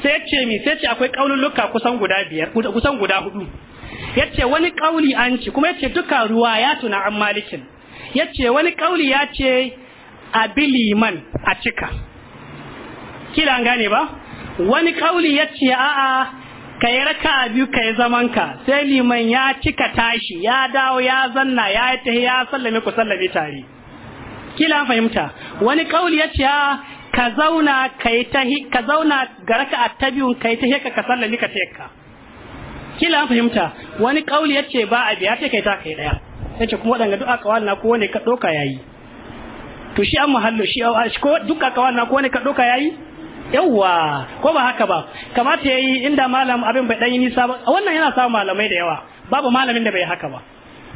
sai yace mi sai ce akwai kaululuka kusan guda biyar kusan guda hudu yace wani kauli an ci kuma yace duka ruwa ya tuna an malikin yace wani kauli ya ce a biliman a cika kila an gane ba wani kauli ya ce a'a ka yi raka biyu ka yi zamanka sai liman ya cika tashi ya dawo ya zanna ya yi ta ya sallame ku sallame tare kila fahimta wani kauli ya ce ka zauna ka yi ta ka zauna ga raka ta biyun ka yi ta heka ka sallame ka ta kila fahimta wani kauli ya ce ba a biya ta kai ta kai daya ce kuma wadanga duk aka na ko wani ka doka yayi to shi an muhallo shi ko duk aka na ko wani ka doka yayi yawwa ko ba haka ba kamata yayi inda malam abin bai dan yi nisa ba wannan yana samun malamai da yawa babu malamin da bai haka ba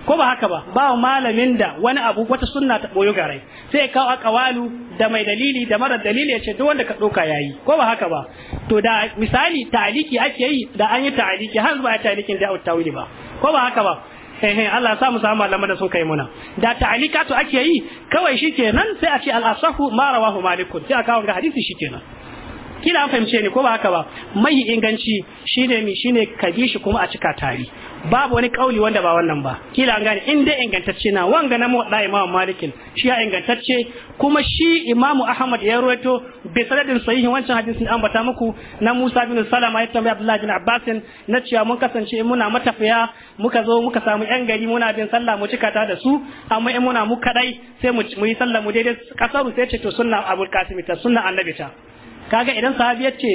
ko ba haka ba babu malamin da wani abu wata sunna ta boyo garai sai ya kawo akawalu da mai dalili da mara dalili ya ce duk wanda ka doka yayi ko ba haka ba to da misali ta'aliki ake yi da an yi ta'aliki har ba ta'alikin da tawili ba ko ba haka ba eh Allah ya sa mu samu malaman da sun kai muna da ta'alikatu ake yi kawai shikenan sai a ce al-asahu ma rawahu malikun sai a kawo ga hadisi shikenan kila an fahimce ni ko ba haka ba mai inganci shine mi shine ka shi kuma a cika tari babu wani kauli wanda ba wannan ba kila an gane in dai ingantacce na wanga na mu muwadda imamu malikin shi ya ingantacce kuma shi imamu ahmad ya ruwaito bi sanadin sahihin wancan hadisin an bata muku na musa bin salama ya tambaya abdullahi bin Abbas na cewa mun kasance muna matafiya muka zo muka samu yan gari muna bin sallah mu cika ta da su amma in muna mu kadai sai mu yi sallah mu daidai kasaru sai ce to sunna abul kasim ta sunna annabi kaga idan sahabi yace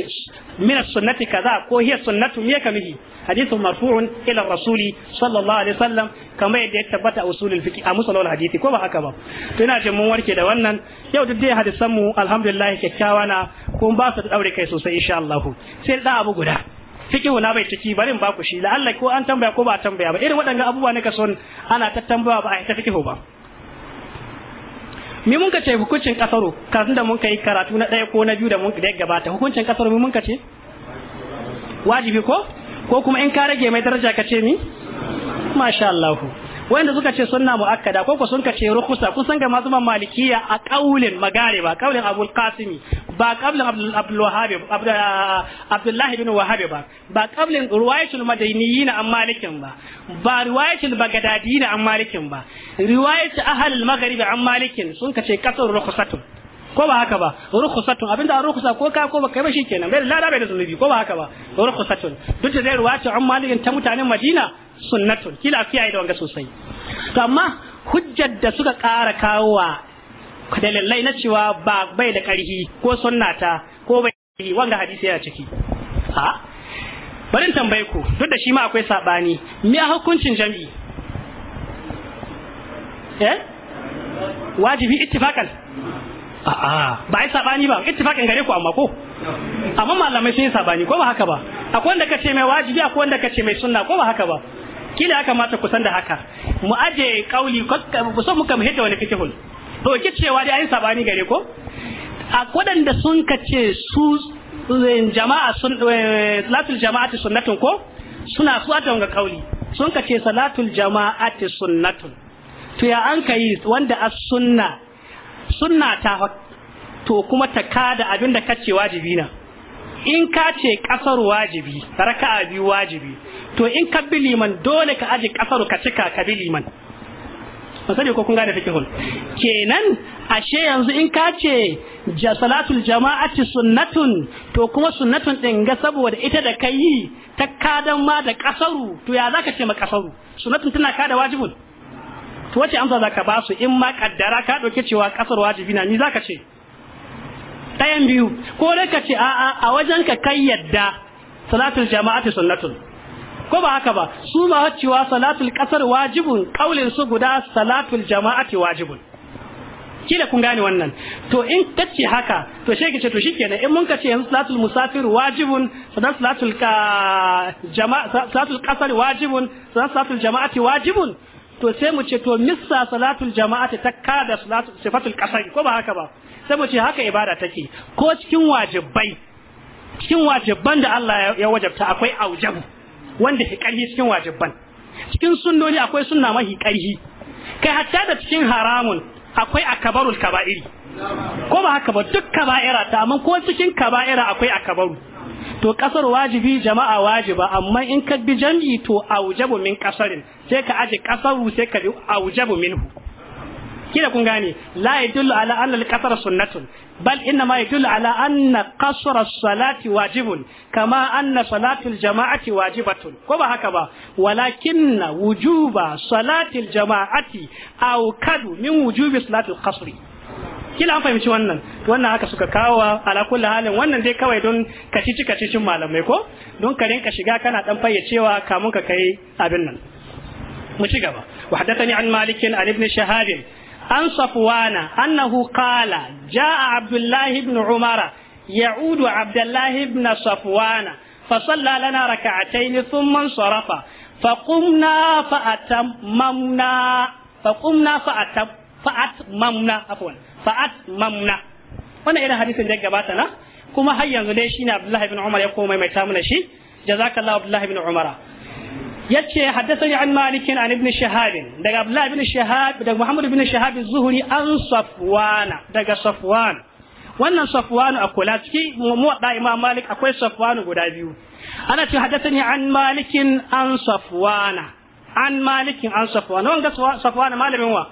min sunnati kaza ko hiya sunnatu miya ka mihi hadithu marfu'un ila rasuli sallallahu alaihi wasallam kamar yadda ya tabbata a usulul fiqh a musalol hadisi ko ba haka ba to ina ce mun warke da wannan yau duk dai hadisan mu alhamdulillah kyakkyawa na ko ba su da daure kai sosai insha Allah sai da abu guda fikihu na bai ciki bari in ku shi la'alla ko an tambaya ko ba a tambaya ba irin waɗannan abubuwa ne ka son ana ta tambaya ba a ita fikihu ba mi mun ka ce hukuncin kasaro karatun da mun kai karatu na ɗaya ko na biyu da mun da gabata hukuncin kasaro mi mun ka ce wajibi ko ko kuma in ka rage mai daraja ka ce ni masha Allah wanda suka ce sunna muakkada ko ko sun ka ce rukhsa kun san ga masu malikiya a kaulin magare ba kaulin abul qasimi ba kaulin abdul abdul wahhab uh, abdullahi bin wahhab ba ba kaulin riwayatul madaniyyin an malikin ba ba riwayatul bagadadiyin an malikin ba riwayatul ahlul magharibi an malikin sun ka ce kasar rukhsatun ko ba haka ba rukhsatun abinda rukhsa ko ka ko ba kai ba shikenan bai da lada bai da zunubi ko ba haka ba rukhsatun duk da dai riwayatul an malikin ta mutanen madina sunnatun kila kiyaye da wanga sosai to amma hujjar da suka ƙara kawowa dalilai na cewa ba bai da ƙarfi ko sunnata ko bai da wanga hadisi yana ciki a barin tambaye ku duk da shi ma akwai sabani me hukuncin jami'i eh wajibi ittifaqan a'a a ba ai sabani ba ittifaqan gare ku amma ko amma malamai sun yi sabani ko ba haka ba akwai wanda kace mai wajibi akwai wanda kace mai sunna ko ba haka ba kila ya kamata kusan da haka mu aje kauli ku so muka hita wani fikihul to ki cewa dai ayi sabani gare ko a kodanda sun kace su eh, jama'a sun eh, salatul jama'ati sunnatun ko suna su ata wanga kauli sun kace salatul jama'ati sunnatun to ya an kai wanda as sunna sunna ta to kuma ta kada abinda kace wajibi na in ka ce kasar wajibi a biyu wajibi to in ka bi liman dole ka aji kasar ka cika ka bi liman ba ko kun gane hol. kenan ashe yanzu in ka ce salatul jama'ati sunnatun to kuma sunnatun din ga saboda ita da kai ta kadan ma da ƙasaru to ya zaka ce ma ƙasaru sunnatun tana kada wajibun to wace amsa zaka ba su in ma kaddara ka dauke cewa kasar wajibi na ni zaka ce ɗayan biyu ko dai ka ce a'a a wajen ka kai yadda salatul jama'ati sunnatun ko ba haka ba su ma cewa salatul kasar wajibun kaulin su guda salatul jama'ati wajibun kila kun gane wannan to in kace haka to shi kace to shikenan in mun kace yanzu salatul musafir wajibun sadan salatul ka jama'a salatul qasar wajibun sadan salatul jama'ati wajibun to sai mu ce to missa salatul jama'ati ta Salatu sifatul Kasar. ko ba haka ba sai mu ce haka ibada take ko cikin wajibai cikin wajibban da Allah ya wajabta akwai aujab wanda ke karhi cikin wajibban cikin sunnoni akwai sunna mahi karhi kai hatta da cikin haramun akwai akabarul kaba'iri ko ba haka ba duk kaba'ira ta amma ko cikin kaba'ira akwai akabaru to kasar wajibi jama'a wajiba amma in ka bi jam'i to aujabu min kasarin sai ka aje kasaru sai ka bi aujabu minhu kina kun gane la yadullu ala anna al-qasr sunnatun bal inna ma yadullu ala anna qasr as-salati wajibun kama anna salatul jama'ati wajibatun ko ba haka ba walakinna wujuba salatil jama'ati aw kadu min wujubi salatul qasri kila an fahimci wannan wannan haka suka kawo ala kulli halin wannan dai kawai don kacici kacicin malamai ko don ka rinka shiga kana dan fayyacewa kamun ka kai abin nan mu ci gaba wa hadathani an malik an ibn shahab an safwana annahu qala jaa abdullah ibn umara ya'udu abdullah ibn safwana sarafa fa qumna fa atammamna fa qumna fa فأتم fa'at mamna afwan fa'at mamna wannan irin hadisin da gabata na kuma har yanzu dai shine Abdullahi ibn Umar ya koma mai ta mana shi jazakallahu Abdullahi ibn Umar yace haddathani an Malik an ibn Shihab daga Abdullahi ibn Shihab daga Muhammad ibn Shihab az-Zuhri an Safwan daga Safwan wannan Safwan akula ciki mu muwadda Imam Malik akwai Safwan guda biyu ana ce haddathani an Malik an Safwana an Malik an Safwana wanga Safwana malamin wa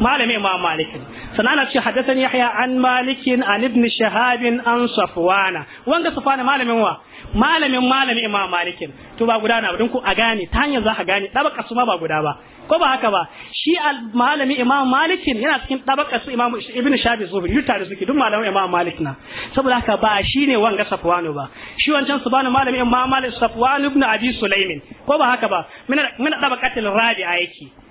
malamin ma malikin sanana ce haddathani yahya an malikin an ibn shahabin an safwana wanga safwana malamin wa malamin malamin imam malikin to ba guda na ba ku a gane ta hanyar za ka gane dabaka su ma ba guda ba ko ba haka ba shi malami imam malikin yana cikin dabaka su imam ibn shabi zuhri duk tare suke duk malamin imam malik na saboda haka ba shine wanga safwanu ba shi wancan subhanu malamin imam malik safwanu ibn abi sulaimin ko ba haka ba min min dabaqatil rabi'a yake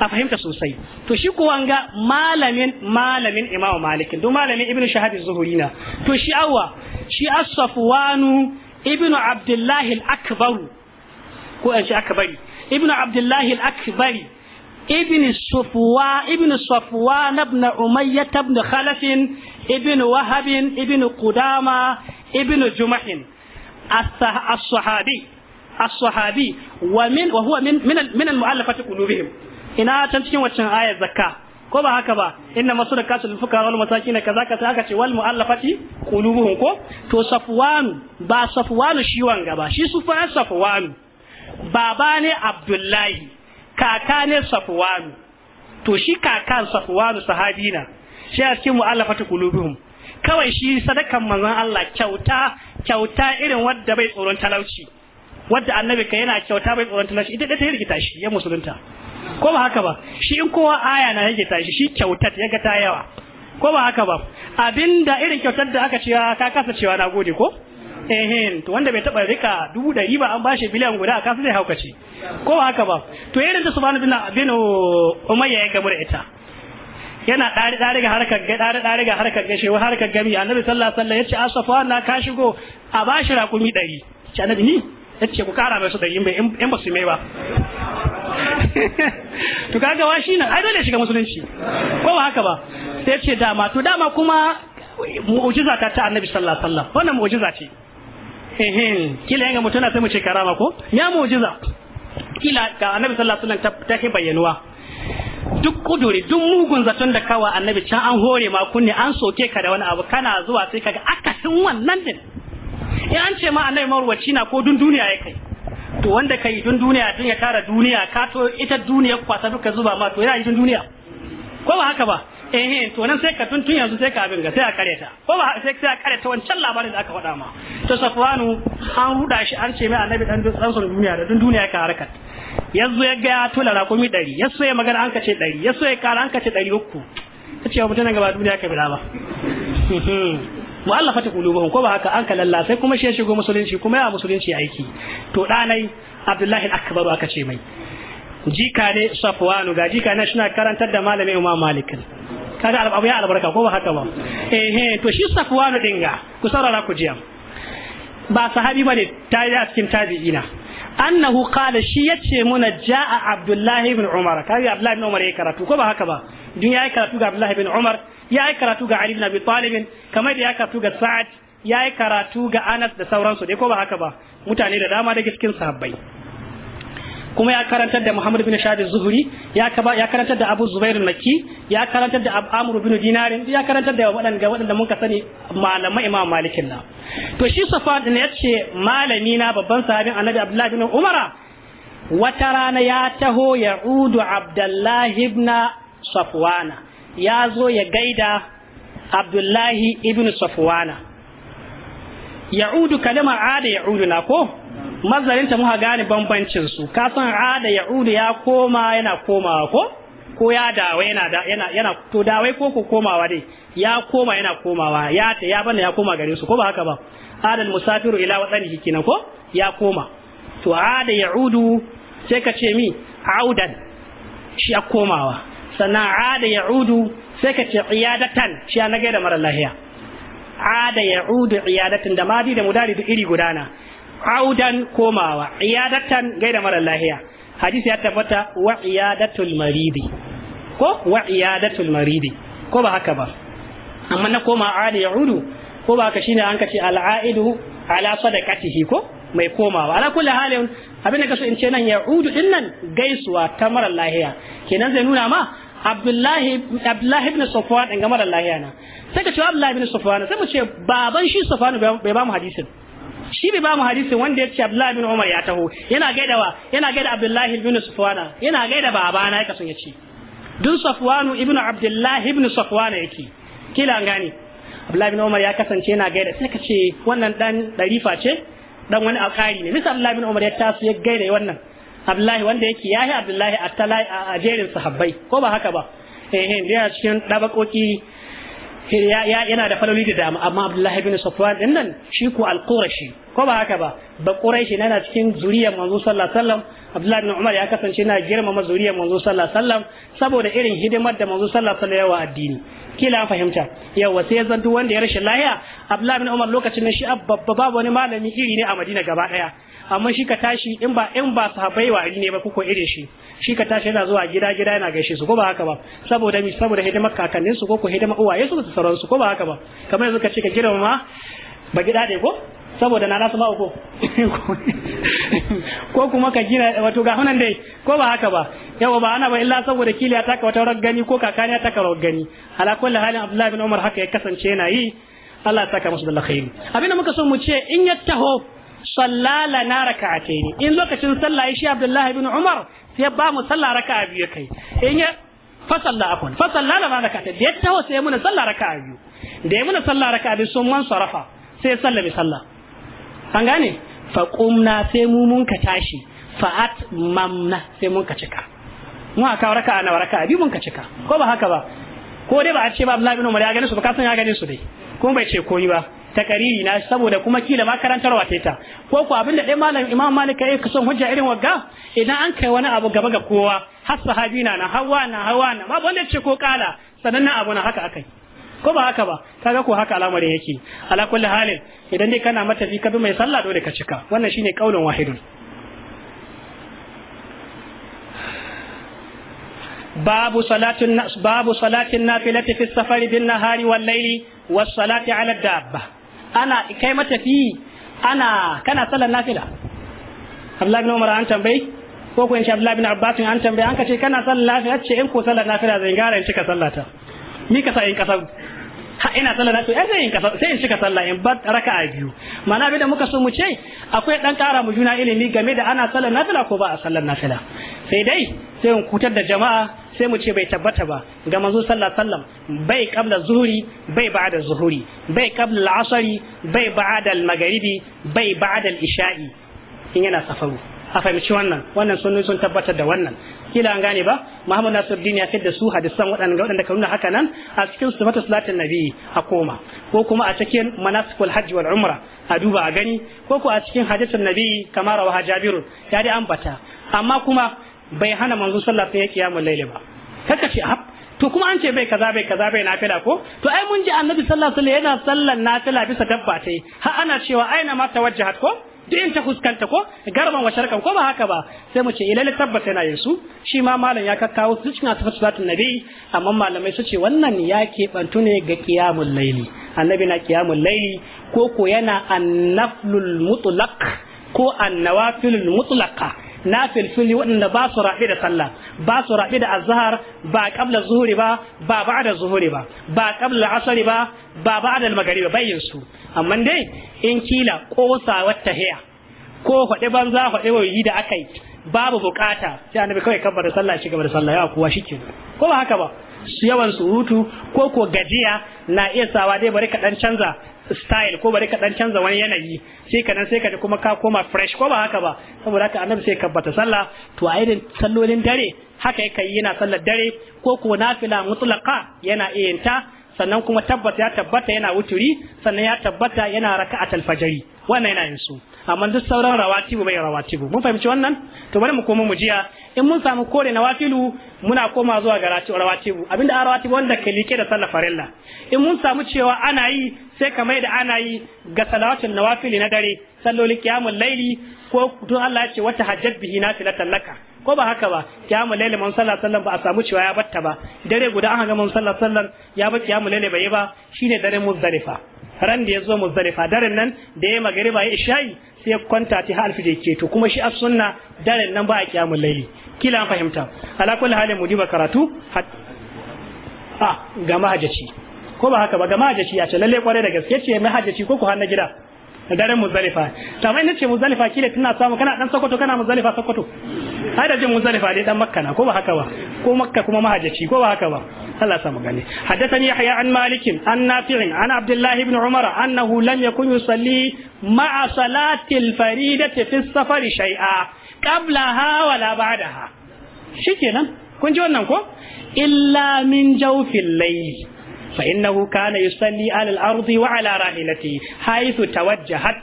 a fahimta sosai to shi ko an ga malamin malamin imamu malikin don malamin ibnu shahab az na to shi awa shi as-safwanu ibnu abdullahi al-akbar ko an shi akbari ibnu abdullahi al-akbari ابن صفوان ابن صفوان ابن أمية ابن خلف ابن وهب ابن قدامة ابن جمح الصحابي الصحابي ومن وهو من من المؤلفة قلوبهم ina can cikin waccan ayar zakka ko ba haka ba inna masadaqatu lil fuqara wal masakin kaza kaza aka ce wal muallafati qulubuhum ko to safwan ba safwan shi wanga ba shi su fa safwan baba ne abdullahi kaka ne safwan to shi kakan safwan sahabina shi a cikin muallafati qulubuhum kawai shi sadakan manzon Allah kyauta kyauta irin wadda bai tsoron talauci wadda annabi ka yana kyauta bai tsoron talauci ita da ta rikita shi ya musulunta ko ba haka ba shi in kowa aya na yake tashi shi kyautar ya ga ta yawa ko ba haka ba abinda irin kyautar da aka cewa ka kasa cewa na gode ko eh to wanda bai taba rika dubu ɗari ba an bashi biliyan guda a kasa zai haukace ko ba haka ba to irin da subhanahu bin bin umayya ya gamu da ita yana ɗari ɗari ga harkar ga dare dare ga harkar ga shewa harkar gami annabi sallallahu alaihi wasallam yace asafa na ka shigo a bashi raƙumi ɗari ce annabi ni ya ce ku kara mai su da yimbe in ba su mai ba to kaga wa shi nan ai dole shiga musulunci ko ba haka ba sai ce dama to dama kuma mu'jiza ta ta annabi sallallahu alaihi wasallam wannan mu'jiza ce eh kila yanga na sai mu ce karama ko ya mu'jiza kila ga annabi sallallahu alaihi wasallam ta ta bayyanuwa duk kuduri duk mugun zaton da kawa annabi can an hore ma kunne an soke ka da wani abu kana zuwa sai kaga akasin wannan din in an ce ma annabi marwaci na ko dun duniya ya kai to wanda kai dun duniya tun ya tara duniya ka to ita duniya kwasa duka zuba ma to yana dun duniya ko ba haka ba eh eh to nan sai ka tun tun yanzu sai ka abin ga sai a ta ko ba sai sai a ta wancan labarin da aka faɗa ma to safwanu an ruda shi an ce mai annabi dan dan sun duniya da dun duniya ka harkar yanzu ya ga ya tola rakumi 100 yaso ya magana an kace 100 yaso ya kara an kace 300 ta mutum nan gaba duniya ka bila ba mu'allafati qulubuhum ko ba haka an kalalla sai kuma shi ya shigo musulunci kuma ya musulunci aiki to danai Abdullahi al-Akbar aka ce mai jika ne Safwanu ga jika ne shi karantar da malami Imam Malik kaga abu ya albarka ko ba haka ba eh eh to shi Safwanu dinga ku saurara ku jiya ba sahabi bane yi a cikin tabi'ina annahu qala shi yace muna ja'a Abdullahi ibn Umar kaga Abdullahi ibn Umar ya karatu ko ba haka ba dun ya karatu ga Abdullahi ibn Umar ya yi karatu ga Ali ibn Abi kamar da ya karatu ga Sa'ad ya yi karatu ga Anas da sauransu dai ko ba haka ba mutane da dama da cikin sahabbai kuma ya karantar da Muhammad bin Shabi Zuhri ya ya karantar da Abu Zubair Makki ya karantar da Amr bin Dinarin ya karantar da waɗanda waɗanda mun ka sani malamai Imam Malikin na to shi Safwan ne ya ce malami na babban sahabin Annabi Abdullah bin Umara wata rana ya taho ya udu Abdullah ibn Safwana ya zo ya gaida abdullahi ibn safwana ya'udu kalimar ada ya'udu na ko ta muka gane bambancin su ka san ada ya'udu ya koma yana komawa ko ko ya dawo yana yana to dawai ko ko komawa dai ya koma yana komawa ya ta ya bana ya koma gare su ko ba haka ba adal musafiru ila wadanihi kina ko ya koma to ada ya'udu sai ka ce mi audan shi ya komawa sannan ada ya'udu sai ka ce iyadatan shi na gaida mara lahiya ada ya'udu iyadatan da madi da mudari da iri gudana audan komawa iyadatan gaida mara lahiya hadisi ya tabbata wa iyadatul maridi ko wa iyadatul maridi ko ba haka ba amma na koma ada ya'udu ko ba haka shine an kace al'aidu ala sadaqatihi ko mai komawa ala kulli halin abin da kaso in ce nan ya'udu din nan gaisuwa ta mara lahiya kenan zai nuna ma Abdullahi Abdullahi ibn Safwan in gamar Allah yana sai ka ce Abdullahi ibn Safwan sai mu ce baban shi Safwan bai ba mu hadisin shi bai ba mu hadisin wanda ya ce Abdullahi ibn Umar ya taho yana gaida wa yana gaida Abdullahi ibn Safwan yana gaida babana yake son ya ce dun Safwan ibn Abdullahi ibn Safwan yake kila gane Abdullahi ibn Umar ya kasance yana gaida sai ka ce wannan dan darifa ce dan wani alƙari ne misal Abdullahi ibn Umar ya taso ya gaida wannan abdullahi wanda yake yahi abdullahi a jerin sahabbai ko ba haka ba eh eh cikin dabakoki eh, yana da faloli da dama amma abdullahi bin safwan din nan shi ko al-qurashi ko ba haka ba ba quraishi yana cikin zuriyar manzo sallallahu alaihi wasallam abdullahi bin umar ya kasance yana girmama zuriyar manzo sallallahu alaihi wasallam saboda irin hidimar da manzo sallallahu alaihi wasallam ya wa addini kila an fahimta yawa sai zanto wanda ya rashin lahiya abdullahi bin umar lokacin shi babba babu wani malami iri ne a madina gaba daya amma shi ka tashi in ba in ba sahabbai wa ne ba kuko irin shi shi ka tashi yana zuwa gida gida yana gaishe su ko ba haka ba saboda mi saboda hidimar kakannin su ko ko hidimar uwaye su su sauran su ko ba haka ba kamar yanzu ka ce ka girma ma ba gida dai ko saboda na nasu uku. ko kuma ka gina wato ga hunan dai ko ba haka ba yawa ba ana ba illa saboda kiliya taka wata rawar gani ko kakani ya taka rawar gani ala kulli halin abdullahi bin umar haka ya kasance yana yi Allah ya saka musu da alkhairi abinda muka so mu ce in ya taho sallala na raka a ne in lokacin sallah shi abdullahi bin umar sai ba mu sallah a biyu kai in ya fasalla afwan fasalla la ma raka'atai da ya taho sai muna sallah a biyu da ya muna sallah a biyu sun man sarafa sai ya sallame sallah an gane fa qumna sai mu mun ka tashi fa at mamna sai mun ka cika mu aka nawa raka a biyu mun ka cika ko ba haka ba ko dai ba a ce ba abdullahi bin umar ya gane su ba ka san ya gane su dai kuma bai ce koyi ba takariri na saboda kuma kila ma karantarwa ta ta ko ko abinda dai malam imam malik ya kusan hujja irin wagga idan an kai wani abu gaba ga kowa har sahabi na na hawa na hawa na ba wanda ce ko kala sanannen abu na haka akai ko ba haka ba kaga ko haka al'amarin yake ala kulli halin idan dai kana matafi ka bi mai sallah dole ka cika wannan shine kaulin wahidun babu salatin babu salatin nafilati fi safari bin nahari wal layli was salati ana kai matafi ana kana sallar nafila Abdullahi bin Umar an tambayi ko ko in sha Abdullahi bin Abbas an tambayi an kace kana sallar nafila ce in ko sallar nafila zai gara in cika sallata ni ka sai in kasa ha ina sallar nafila eh, sai in kasa sai in cika sallah in bar raka'a biyu ma'ana bi da muka so mu ce akwai dan kara mu juna ilimi game da ana sallar nafila ko ba a sallar nafila sai dai sai mu kutar da jama'a sai mu ce bai tabbata ba ga manzo sallallahu alaihi wasallam bai qabla zuhuri bai ba'da zuhuri bai qabla al-asri bai ba'da al-maghribi bai ba'da al-isha'i in yana safaru a fahimci wannan wannan sun sun tabbatar da wannan kila an gane ba Muhammad Nasiruddin ya da su hadisan waɗanda waɗanda ka nuna haka nan a cikin sifatu salatin nabi a koma ko kuma a cikin manasikul hajji wal umra a duba a gani ko ko a cikin hadisin nabi kamar wa hajabirun ya dai ambata amma kuma bai hana manzon sallah ta ya kiyamul layl ba kaka ce ah to kuma an ce bai kaza bai kaza bai nafila ko to ai mun ji annabi sallallahu alaihi wasallam yana sallan nafila bisa dabba yi. har ana cewa aina ma tawajjahat ko duk in ta fuskanta ko garban wa sharkan ko ba haka ba sai mu ce ilal tabbata yana yin su shi ma malam ya kakkawo su cikin asifatu zatun nabi amma malamai su ce wannan ya keɓantu ne ga kiyamun laili annabi na kiyamun laili ko ko yana annaflul mutlaq ko annawafilul mutlaqa na filfili waɗanda ba su raɓi da sallah ba su raɓi da azhar ba qabla zuhuri ba ba ba'da zuhuri ba ba qabla asari ba ba ba'da al ba bayyin su amma dai in kila kosa wata hiya ko faɗi banza faɗi wayi da akai babu bukata sai annabi kawai kabbar da sallah shi gaba da sallah yawa kuwa shike ko ba haka ba su yawan surutu ko ko gajiya na iya sawa dai bari ka dan canza style ko bari ka dan canza wani yanayi sai ka dan sai ka kuma ka koma fresh ko ba haka ba saboda haka annabi sai ka bata sallah to a irin sallolin dare haka yake yana sallar dare ko ko nafila mutlaqa yana iyanta. sannan kuma tabbata ya tabbata yana wuturi sannan ya tabbata yana raka'at fajri wannan yana yin su amma duk sauran rawatibu bai rawatibu mun fahimci wannan to bari mu koma mu jiya in mun samu kore na wafilu muna koma zuwa ga rawatibu abinda a rawatibu wanda ke like da sallah farilla in mun samu cewa ana yi sai ka mai da ana yi ga salawatul nawafili na dare sallolin qiyamul laili ko don Allah ya ce wata hajjat bihi nafilatan laka ko ba haka ba qiyamul laili man sallallahu alaihi ba a samu cewa ya batta ba dare guda an ga man sallallahu alaihi ya ba qiyamul laili bai ba shine dare muzdalifa ran da ya zo muzdalifa daren nan da ya magariba ya isha'i sai ya kwanta ta halfi da ke to kuma shi as sunna daren nan ba a qiyamul laili kila an fahimta ala kulli halin mu diba karatu a ah, ga mahajjaci ko ba haka ba ga mahajjaci ya ce lalle kware da gaske ce mahajjaci ko ku hannu gida da daren muzalifa to amma ce muzalifa kila tana samu kana dan sokoto kana muzalifa sokoto ai da jin muzalifa dai dan makka na ko ba haka ba ko makka kuma mahajjaci ko ba haka ba Allah samu gani haddathani yahya an malik an nafi' an abdullah ibn umar annahu lam yakun yusalli ma'a salati al-faridati fi as shay'a qablaha wala ba'daha shikenan kun ji wannan ko illa min jawfil layl fa innahu kana yusalli ala al-ardi wa ala rahilatihi haythu tawajjahat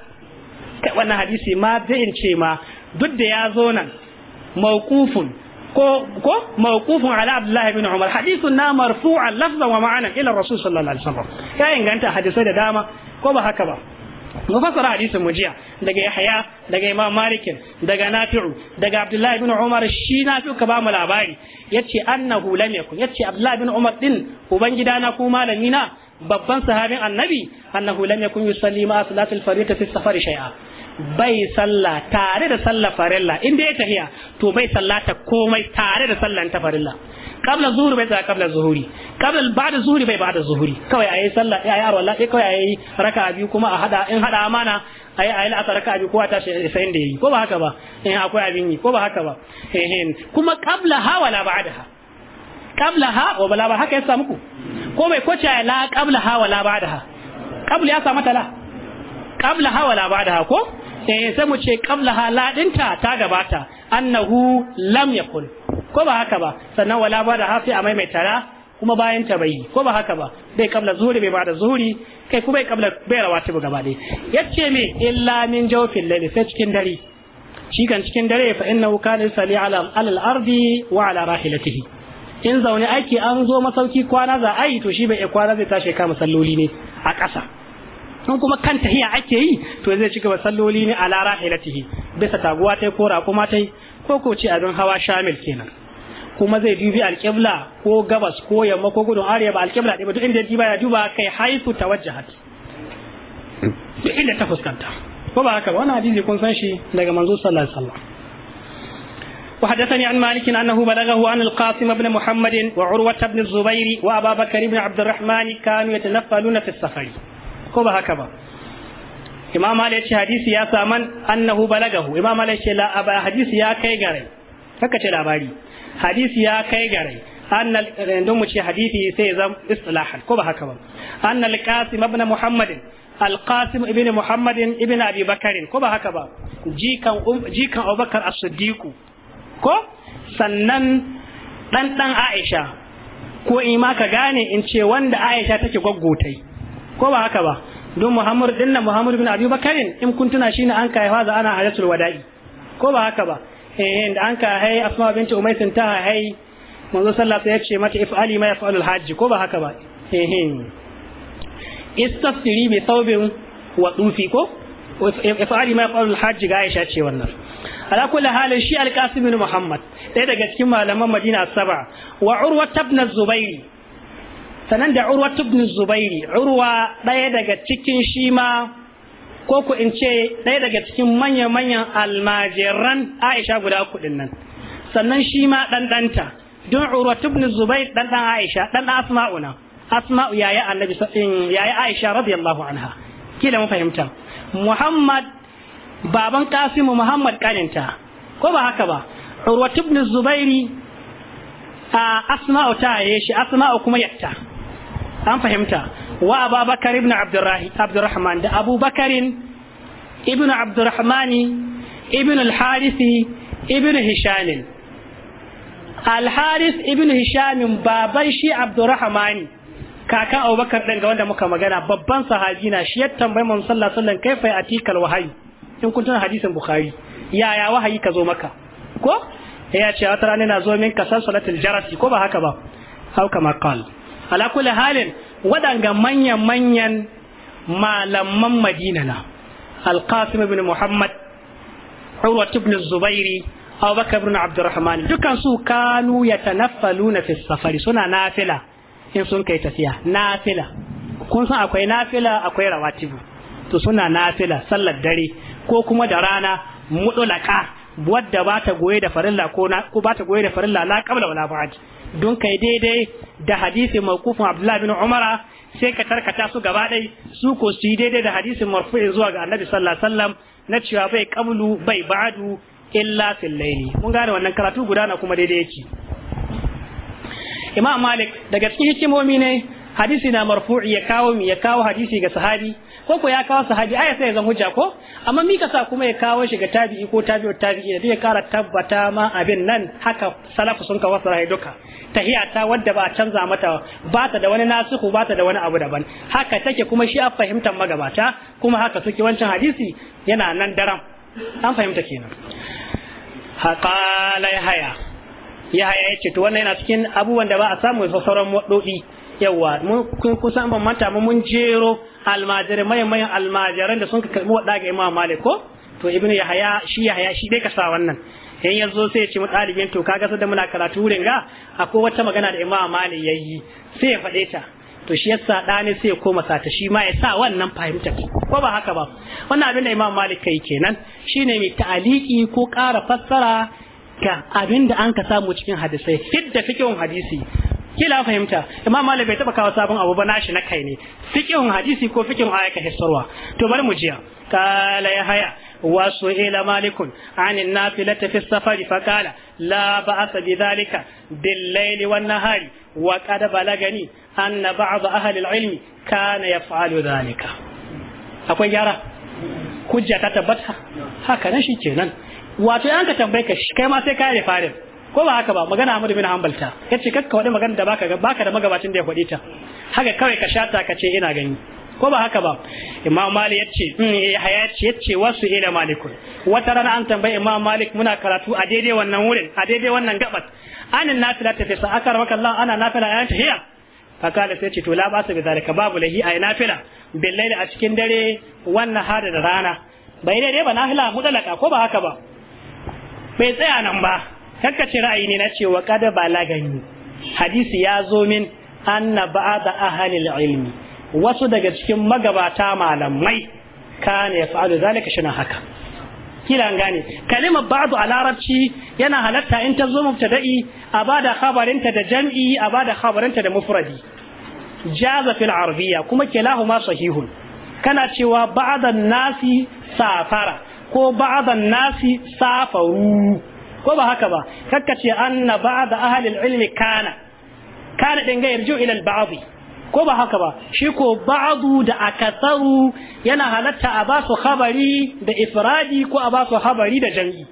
wannan hadisi ma zai ce ma duk da ya zo nan mawqufun ko ko mawqufun ala abdullah ibn umar hadithun na marfu'an lafzan wa ma'anan ila rasul sallallahu alaihi wasallam ya inganta hadisai da dama ko ba haka ba mu fasara hadisin mu jiya daga Yahaya daga Imam Malik daga Nafi'u daga Abdullahi bin Umar shi Nafi'u ka ba mu labari yace annahu lam yakun yace Abdullahi bin Umar din ubangida na ko malami babban sahabin annabi annahu lam yakun yusalli ma salatul fi safari shai'a. bai salla tare da sallar farilla in dai ya tafiya to bai ta komai tare da sallan ta farilla qabla zuhuri bai tsaya qabla zuhuri qabla ba'da zuhuri bai ba'da zuhuri kawai ayi sallah ayi arwala sai eh, kawai ayi raka biyu kuma a hada in hada amana ayi ayi la'asar raka biyu kowa ta sayin da yi ko ba haka ba eh akwai abin yi ko ba haka ba eh, eh. kuma qabla ha wala ba'daha qabla ha wa bala ba haka ya samu ku ko bai kwace ya la qabla ha wala ba'daha qabla ya samu ta la qabla ha wala ba'daha ko eh sai mu ce qabla ha la dinta ta gabata annahu lam yakun ko ba haka ba sannan wala ba da hafi a maimai tara, kuma bayan ta bai ko ba haka ba bai kabla zuhuri bai bada zuhuri kai kuma bai kabla bai rawatibu gaba dai yace me illa min jawfil layli sai cikin dare shi kan cikin dare fa innahu kana yusalli ala al ardi wa ala rahilatihi in zaune aiki an zo masauki kwana za a yi to shi bai iya kwana zai tashi kama salloli ne a ƙasa in kuma kan tahiya ake yi to zai ci gaba salloli ne ala rahilatihi bisa taguwa tai ko raƙuma tai ko ko ce don hawa shamil kenan kuma zai dubi alƙibla ko gabas ko yamma ko gudun arewa ba alƙibla ɗaya ba duk inda ya diba duba kai haifu tawajjahat duk inda ta fuskanta ko ba haka hadisi kun san shi daga manzo sallallahu alaihi wasallam وحدثني عن مالك أنه بلغه عن القاسم بن محمد وعروة بن الزبير وأبا بكر بن عبد الرحمن كانوا يتنفلون في السفر كما هكذا إمام مالك حديث يا سامن أنه بلغه إمام مالك لا أبا حديث يا كي غري labari hadisi ya kai garai annal don mu ce hadisi sai zan istilahan ko ba haka ba annal qasim ibn muhammadin القاسم ibn muhammad ibn abi bakr ko ba haka ba jikan um, jikan Abubakar As-Siddiq ko sannan dan dan Aisha ko in ma ka gane in ce wanda Aisha take gaggotai ko ba haka ba don Muhammad dinna Muhammad ibn Abi Bakr in kun tuna shine an kai faza ana hadisul wada'i ko ba haka ba eh da an ka hai asma binti sun ta hai manzo sallallahu ya ce mata if'ali ma ya al-hajj ko ba haka ba eh, eh. istafsiri bi thawbin wa dufi ko if'ali ma ya al-hajj ga Aisha ce wannan ala kulli halin shi al bin muhammad ɗaya daga cikin malaman madina saba wa urwa ibn zubairi sanan da urwa ibn zubairi urwa ɗaya daga cikin shi ma ko ku in ce ɗaya daga cikin manya-manyan almajiran Aisha guda uku nan sannan shi ma ɗan ɗanta don Urwa ibn Zubair ɗan Aisha ɗanɗan Asma'u na Asma'u yaya Annabi yaya Aisha radiyallahu anha kila mun fahimta Muhammad baban Kasimu Muhammad kaninta ko ba haka ba Urwa ibn Zubairi a Asma'u ta yaye shi Asma'u kuma yatta an fahimta wa ababakar ibn abdurrahman da abubakarin ibn abdurrahmani ibn al-harisi ibn hishamin al-haris ibn hishamin baban shi abdurrahmani kakan abubakar ɗin ga wanda muka magana babban sahabi na shi yadda tambayi mamu sallallahu alaihi kai kaifa ya atikal wahayi in kun tuna hadisin bukhari yaya wahayi ka zo maka ko ya ce wata rana na zo min kasar salatul jarasi ko ba haka ba hauka maqal ala kulli halin waɗanga manyan manyan malaman madina na alqasim ibn muhammad urwa ibn zubairi abubakar ibn abdurrahman dukkan su kanu yatanaffaluna fi safari suna nafila in sun kai tafiya nafila kun san akwai nafila akwai rawatibu to suna nafila sallar dare ko kuma da rana mudulaka wadda ba ta goye da farilla ko ba ta goye da farilla la qabla wala ba'd don kai daidai da hadisi maukufin abdullahi bin Umara sai ka tarkata su gaba ɗai su ko su yi daidai da hadisin marfu'in zuwa ga Annabi sallallahu alaihi wasallam na cewa bai qablu bai ba'du illa fil mun gane wannan karatu guda na kuma daidai yake Imam Malik daga cikin hikimomi ne hadisi na marfu'i ya kawo ya kawo hadisi ga sahabi ko ko ya kawo sahabi ai sai ya zan hujja ko amma mi ka sa kuma ya kawo shi ga tabi'i ko ko tabi'i da ya kara tabbata ma abin nan haka salafu sun kawo sarai duka tahiya ta wadda ba canza mata ba ta da wani nasihu ba ta da wani abu daban haka take kuma shi an fahimtar magabata kuma haka suke wancan hadisi yana nan daram an fahimta kenan haƙala ya haya ya haya ya ce to wannan yana cikin abubuwan da ba a samu sauran waɗoɗi yawa mun kusan ban manta mun jero almajirai mayan mayan almajiran da sun ka karbi wada ga imam malik ko to ibn yahya shi yahya shi dai ka sa wannan in yazo sai ya ce mutalibin to kaga sai da muna karatu wurin ga akwai wata magana da imam malik yayi sai ya faɗe ta to shi yasa ɗani sai ya koma sata shi ma ya sa wannan fahimtar ko ba haka ba wannan abin da imam malik kai kenan shine mai ta'aliki ko ƙara fassara ga abinda da an ka samu cikin hadisai hidda fikihun hadisi kila fahimta imam malik bai taba kawo sabon abu ba nashi na kai ne fiqhun hadisi ko fiqhun aya ka hisarwa to bari mu jiya kala ya haya wa su'ila malikun an an fi safari fa kala la ba'asa bi dhalika bil-layli wan-nahari wa qad balagani anna ba'd ahli al-ilmi kana yaf'alu dhalika akwai gyara hujja ta tabbata haka nan shikenan wato yanka tambaye ka kai ma sai ka yi farin ko ba haka ba magana Ahmad bin Hanbal ta yace kakka wani magana da baka baka da magabacin da ya faɗi ta haka kawai ka shata ka ce ina gani ko ba haka ba Imam Malik yace in mm, eh, haya yace yace wasu ila Malik wata rana an tambaye Imam Malik muna karatu a daidai wannan wurin a daidai wannan gabas anin nafila ta fisa akar maka Allah ana nafila ayan tahiyya fakala sai ce to la basu bi zalika babu lahi ay nafila billahi a cikin dare wannan hada da rana bai dai ba nafila mutalaka ko ba haka ba bai tsaya nan ba kakka ce ra'ayi ne na cewa kada kada gani hadisi ya zo min anna ba'da ahlil ilmi wasu daga cikin magabata malamai kana yaf'alu zalika shina haka kila gane kalimar ba'du a larabci yana halatta in ta zo mubtada'i a bada khabarinta da jam'i a bada khabarinta da mufradi jaza fil arabiyya kuma kilahuma sahihun kana cewa ba'dan nasi safara ko ba'dan nasi safaru ko ba haka ba kakka ce anna ba'da ahli ilmi kana kana din ga yarju ila al ko ba haka ba shi ko ba'du da akasaru yana halatta a ba su khabari da ifradi ko a ba su khabari da jam'i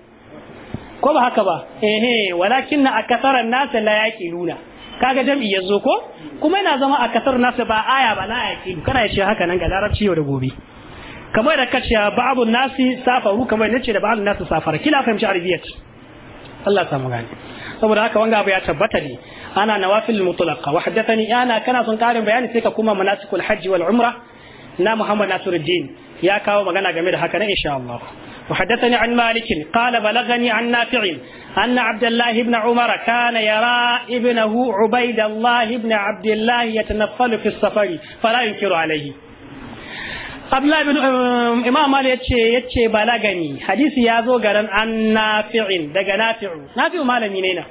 ko ba haka ba ehe walakin akasaran nas la yaqiluna kaga jam'i yazo ko kuma yana zama akasar nas ba aya ba la yaqilu kana shi haka nan ga larabci yau da gobe kamar da kace ba'dun nasi safaru kamar nace da ba'dun nasi safara kila fahimci arabiyat Allah samu gani saboda haka wanga abu ya tabbatar ne ana nawafil mutlaqa wa haddathani ana kana son karin bayani sai ka kuma manasikul hajji wal umra na Muhammad Nasiruddin ya kawo magana game da haka ne insha Allah wa haddathani an malik qala balagani an nafi' an abdullah ibn umar kana yara ibnahu ubaidallah ibn abdullah yatanaffalu fi safari fala yunkiru alayhi abdullahi bin um, imam mali yace yace balagani hadisi ya zo garan an nafi'in daga nafi'u nafi'u malami ne na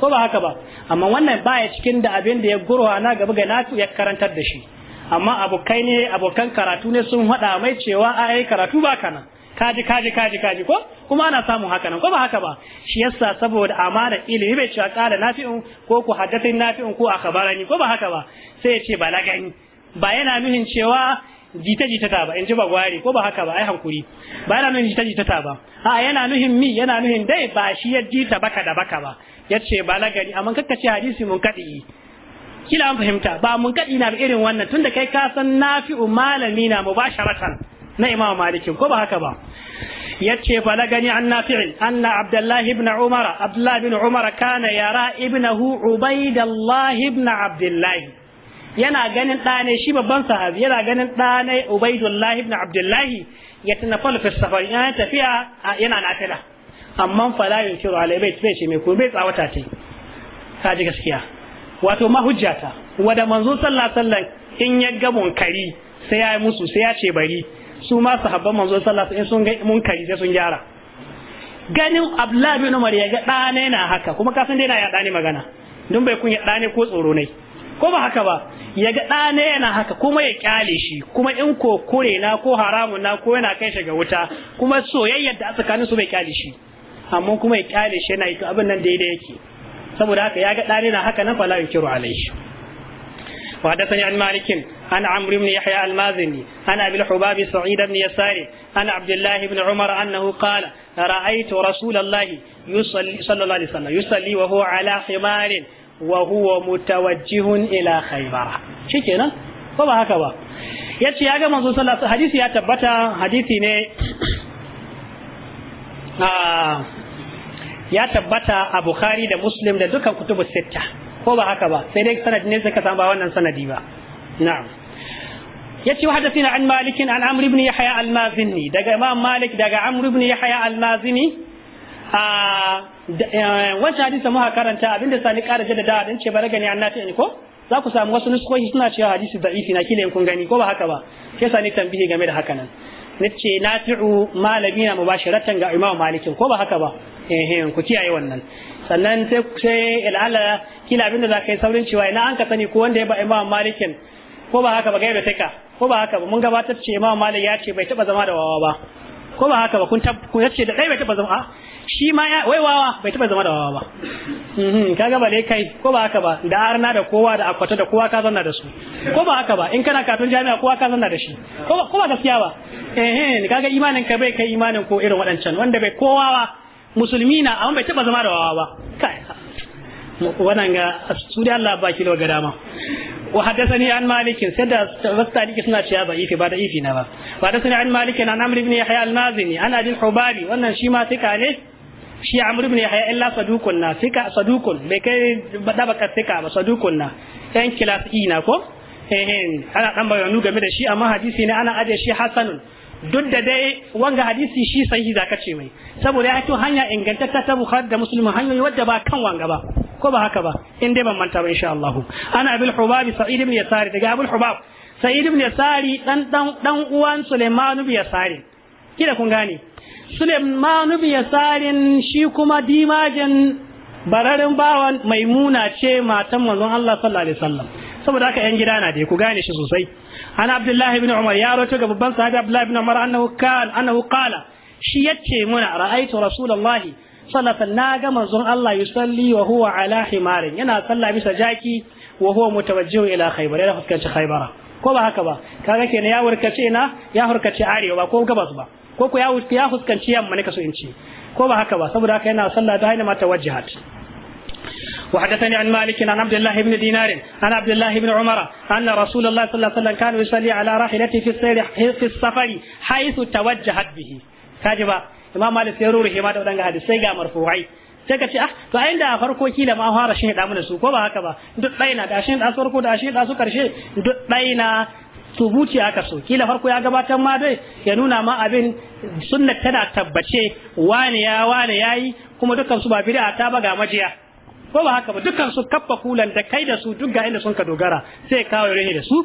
ko ba haka ba amma wannan baya cikin da abin da ya gurwa na gaba ga nafi'u ya karantar da shi amma abokai ne abokan karatu ne sun hada mai cewa ai karatu ba kana kaji kaji kaji kaji ko kuma ana samun haka nan ko ba haka ba shi yasa saboda amana ilimi bai cewa kala nafi'un ko ku haddathin nafi'un ko akabarani ko ba haka ba sai ya ce balagani ba yana nuhin cewa jita jita ta ba in ji ba gwari ko ba haka ba ai hankuri ba yana nuhin jita jita ta ba a yana nuhin mi yana nuhin dai ba shi ya jita baka da baka ba yace balagari amma kakka ce hadisi mun kadi kila an fahimta ba mun kadi na irin wannan tunda kai ka san nafi'u malami na sharatan na imam malikin ko ba haka ba yace balagani an na fi an na abdullahi ibn umara abdullahi ibn umar kana yara ibnahu ubaidallah ibn abdullahi. yana ganin ɗane shi babban sahabi yana ganin ɗane ubaidullah ibn abdullahi ya tana falfa safar yana tafiya yana nafila amma fala yunkiru alai bai bai ce me ko bai tsawata ce ka ji gaskiya wato ma hujjata wanda manzo sallallahu alaihi wasallam in ya ga munkari sai ya yi musu sai ya ce bari su ma sahabban manzo sallallahu alaihi wasallam in sun ga munkari sai sun gyara ganin abdullahi ibn umar ya ga ɗane na haka kuma ka san dai na ya ɗane magana don bai kun ya ɗane ko tsoro ne ko ba haka ba ya ga ne yana haka kuma ya kyale shi kuma in ko kure na ko haramun na ko yana kai shi ga wuta kuma soyayyar da tsakanin su bai kyale shi amma kuma ya kyale shi yana ito abin nan daidai yake saboda haka ya ga ɗa ne na haka nan fala yukiru alaihi وحدثني عن مالك عن عمرو بن يحيى المازني عن ابي الحباب سعيد بن يسار عن عبد الله بن عمر انه قال رايت رسول الله يصلي صلى الله عليه وسلم يصلي وهو على حمار wa huwa mutawajjihun ila khaybara shikenan ko ba haka ba yace ya ga manzo sallallahu hadisi ya tabbata hadisi ne ah, ya tabbata a bukhari da muslim da dukkan kutubu sitta ko ba haka ba sai dai sanadi ne suka san ba wannan sanadi ba na'am yace wa hadathina an malikin an amr ibn yahya al-mazini daga imam malik daga amr ibn yahya al-mazini a eh, wancan hadisi muka karanta abinda sani ƙara jaddada dan ce bare gani annati ne ko za ku samu wasu nuskohi suna cewa hadisi da'ifi na kila in kun gani ko ba haka ba ke sani tambihi game da haka nan nace nafi'u malami na mubashiratan ga imamu malikin ko ba haka ba eh eh ku kiyaye wannan sannan sai sai al'ala kila abinda za kai saurin cewa ina an ka sani ko wanda ya ba imamu malikin ko ba haka ba kai da taka ko ba haka ba mun gabatar ce imamu malik ya ce bai taba zama da wawa ba ko ba haka ba kun tabbata kun yace da dai bai taba zama shi ma ya wai wawa bai taba zama da wawa ba mhm, kaga ba dai kai ko ba haka ba da arna da kowa da akwata da kowa ka zanna da su ko ba haka ba in kana katon jami'a kowa ka zanna da shi ko ba ko ba gaskiya ba eh eh kaga imanin ka bai kai imanin ko irin waɗancan wanda bai kowa ba musulmi na amma bai taba zama da wawa ba kai wannan ga su da Allah baki da gadama wa hadathani an malik sai da dike suna cewa ba ifi ba da ifi na ba wa hadathani an malik an amr ibn yahya al-mazini an abi hubabi wannan shi ma sai ne shi amr ibn yahya illa sadukun na sika sadukun bai kai baka sika ba sadukun na ɗan kilas ina ko eh ana dan bayanu game da shi amma hadisi ne ana aje shi hasanun duk da dai wanga hadisi shi sahihi zaka ce mai saboda ya to hanya ingantacce ta bukhari da muslim hanya wadda ba kan wanga ba ko ba haka ba in dai ban manta ba insha Allah ana abul hubab sa'id ibn yasari daga abul hubab sa'id ibn yasari dan dan dan uwan sulaiman ibn yasari kida kun gane Suleiman bin Yasarin shi kuma dimajin bararin bawan maimuna ce matan manzon Allah sallallahu alaihi wasallam saboda haka yan gida na da ku gane shi sosai ana Abdullahi ibn Umar ya rawaito ga babban sahabi Abdullahi ibn Umar annahu kan annahu qala shi yace muna ra'aitu rasulullahi sallallahu alaihi wasallam manzon Allah yusalli wa huwa ala himarin yana sallah bisa jaki wa huwa mutawajjihu ila khaybar yana fuskanci khaybara ko ba haka ba kaga kenan ya warkace na ya harkace arewa ko gabas ba ko ku ya fuskanci yamma ne so in ko ba haka ba saboda haka yana sallah da haina mata wajahat وحدثني عن مالك عن عبد الله بن دينار عن عبد الله بن عمر أن رسول الله صلى الله عليه وسلم كان يصلي على راحلته في السير في السفر حيث توجهت به كاجبا إمام مالك يروره ما تودن هذا سيجا مرفوعي sai ka ce ah to ai a farko kila ma fara shi da mu su ko ba haka ba duk ɗaya na da shi da farko da shi tubuci aka so kila farko ya gabatar ma dai ya nuna ma abin sunna tana tabbace wane ya wane yayi kuma dukkan su ba bid'a ta ba ga majiya ko ba haka ba dukkan su kaffa kulan da kai da su duk ga inda sun ka dogara sai kawo rahi da su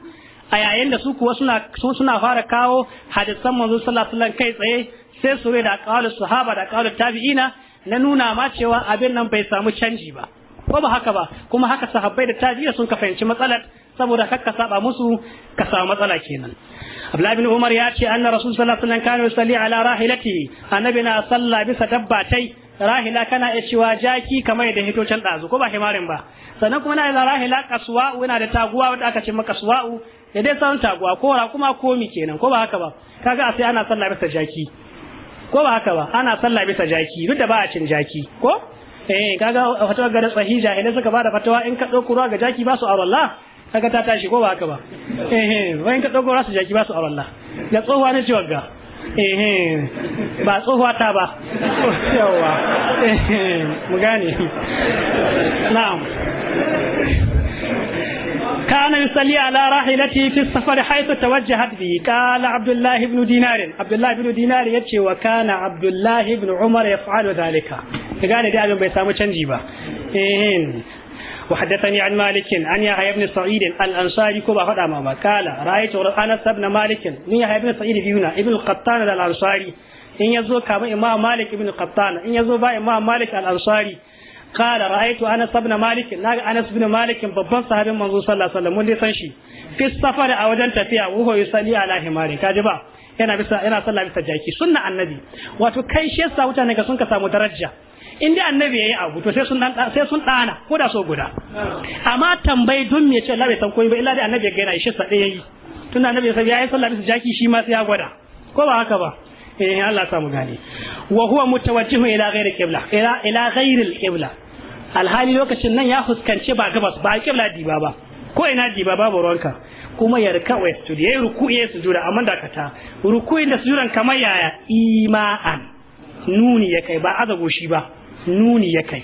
a yayin da su kuwa suna suna fara kawo hadisan manzo sallallahu alaihi wasallam kai tsaye sai su da qaulus sahaba da qaulus tabi'ina na nuna ma cewa abin nan bai samu canji ba ko ba haka ba kuma haka sahabbai da tabi'a sun ka fahimci matsalar saboda kakka saba musu ka samu matsala kenan Abdullahi bin Umar ya ce anna Rasul sallallahu alaihi wasallam kana yusalli ala rahilati annabi na salla bisa dabbatai rahila kana iya cewa jaki kamar da hitocin dazu ko ba himarin ba sannan kuma na da rahila kasuwa yana da taguwa wanda aka ce maka suwa'u da dai sauran taguwa ko ra kuma komi kenan ko ba haka ba kaga a sai ana salla bisa jaki ko ba haka ba ana salla bisa jaki duk da ba a cin jaki ko eh kaga fatawa ga da sahiha idan suka bada fatawa in ka dauko ruwa ga jaki ba su arwallah kaga ta tashi ko ba haka ba eh eh wayan ka dogo rasu jaki ba su a wallah ya tsohuwa ne ciwon ga eh ba tsohuwa ta ba yawa eh mu gane na'am كان يصلي على راحلته في السفر حيث توجهت به قال عبد الله بن دينار عبد الله بن دينار يتشي وكان عبد الله بن عمر يفعل ذلك قال دي أبن بيسامو تنجيبا وحدثني عن مالك عن يحيى بن سعيد الانصاري كما فدا ما قال رايت انس بن مالك ني يحيى بن سعيد بيونا ابن القطان الانصاري in yazo kamar imam malik ibn qattan in yazo ba imam malik al-ansari qala ra'aytu anas ibn malik naga anas ibn malik babban sahabin manzo sallallahu alaihi mun dai san shi fi safar a wajen tafiya wa yusalli ala himari kaji yana bisa yana sallah sunna annabi wato kai shi yasa mutane ka sun ka samu daraja in dai annabi yayi abu to sai sun dan sai sun dana ko da so guda amma tambayi don me yace Allah bai san komai ba illa dai annabi ya gaina shi sa dai yayi tunda annabi sai yayi sallah bisa jaki shi ma sai ya gwada ko ba haka ba eh Allah samu gane wa huwa mutawajjihu ila ghairi qibla ila ila ghairi al-qibla alhali lokacin nan ya fuskanci ba gabas ba qibla di ba ko ina ba ba ruwanka kuma ya rika wa sujud yayi ruku'i ya sujuda amma da kata ruku'in da sujudan kamar yaya ima'an nuni ya kai ba azago shi ba nuni ya kai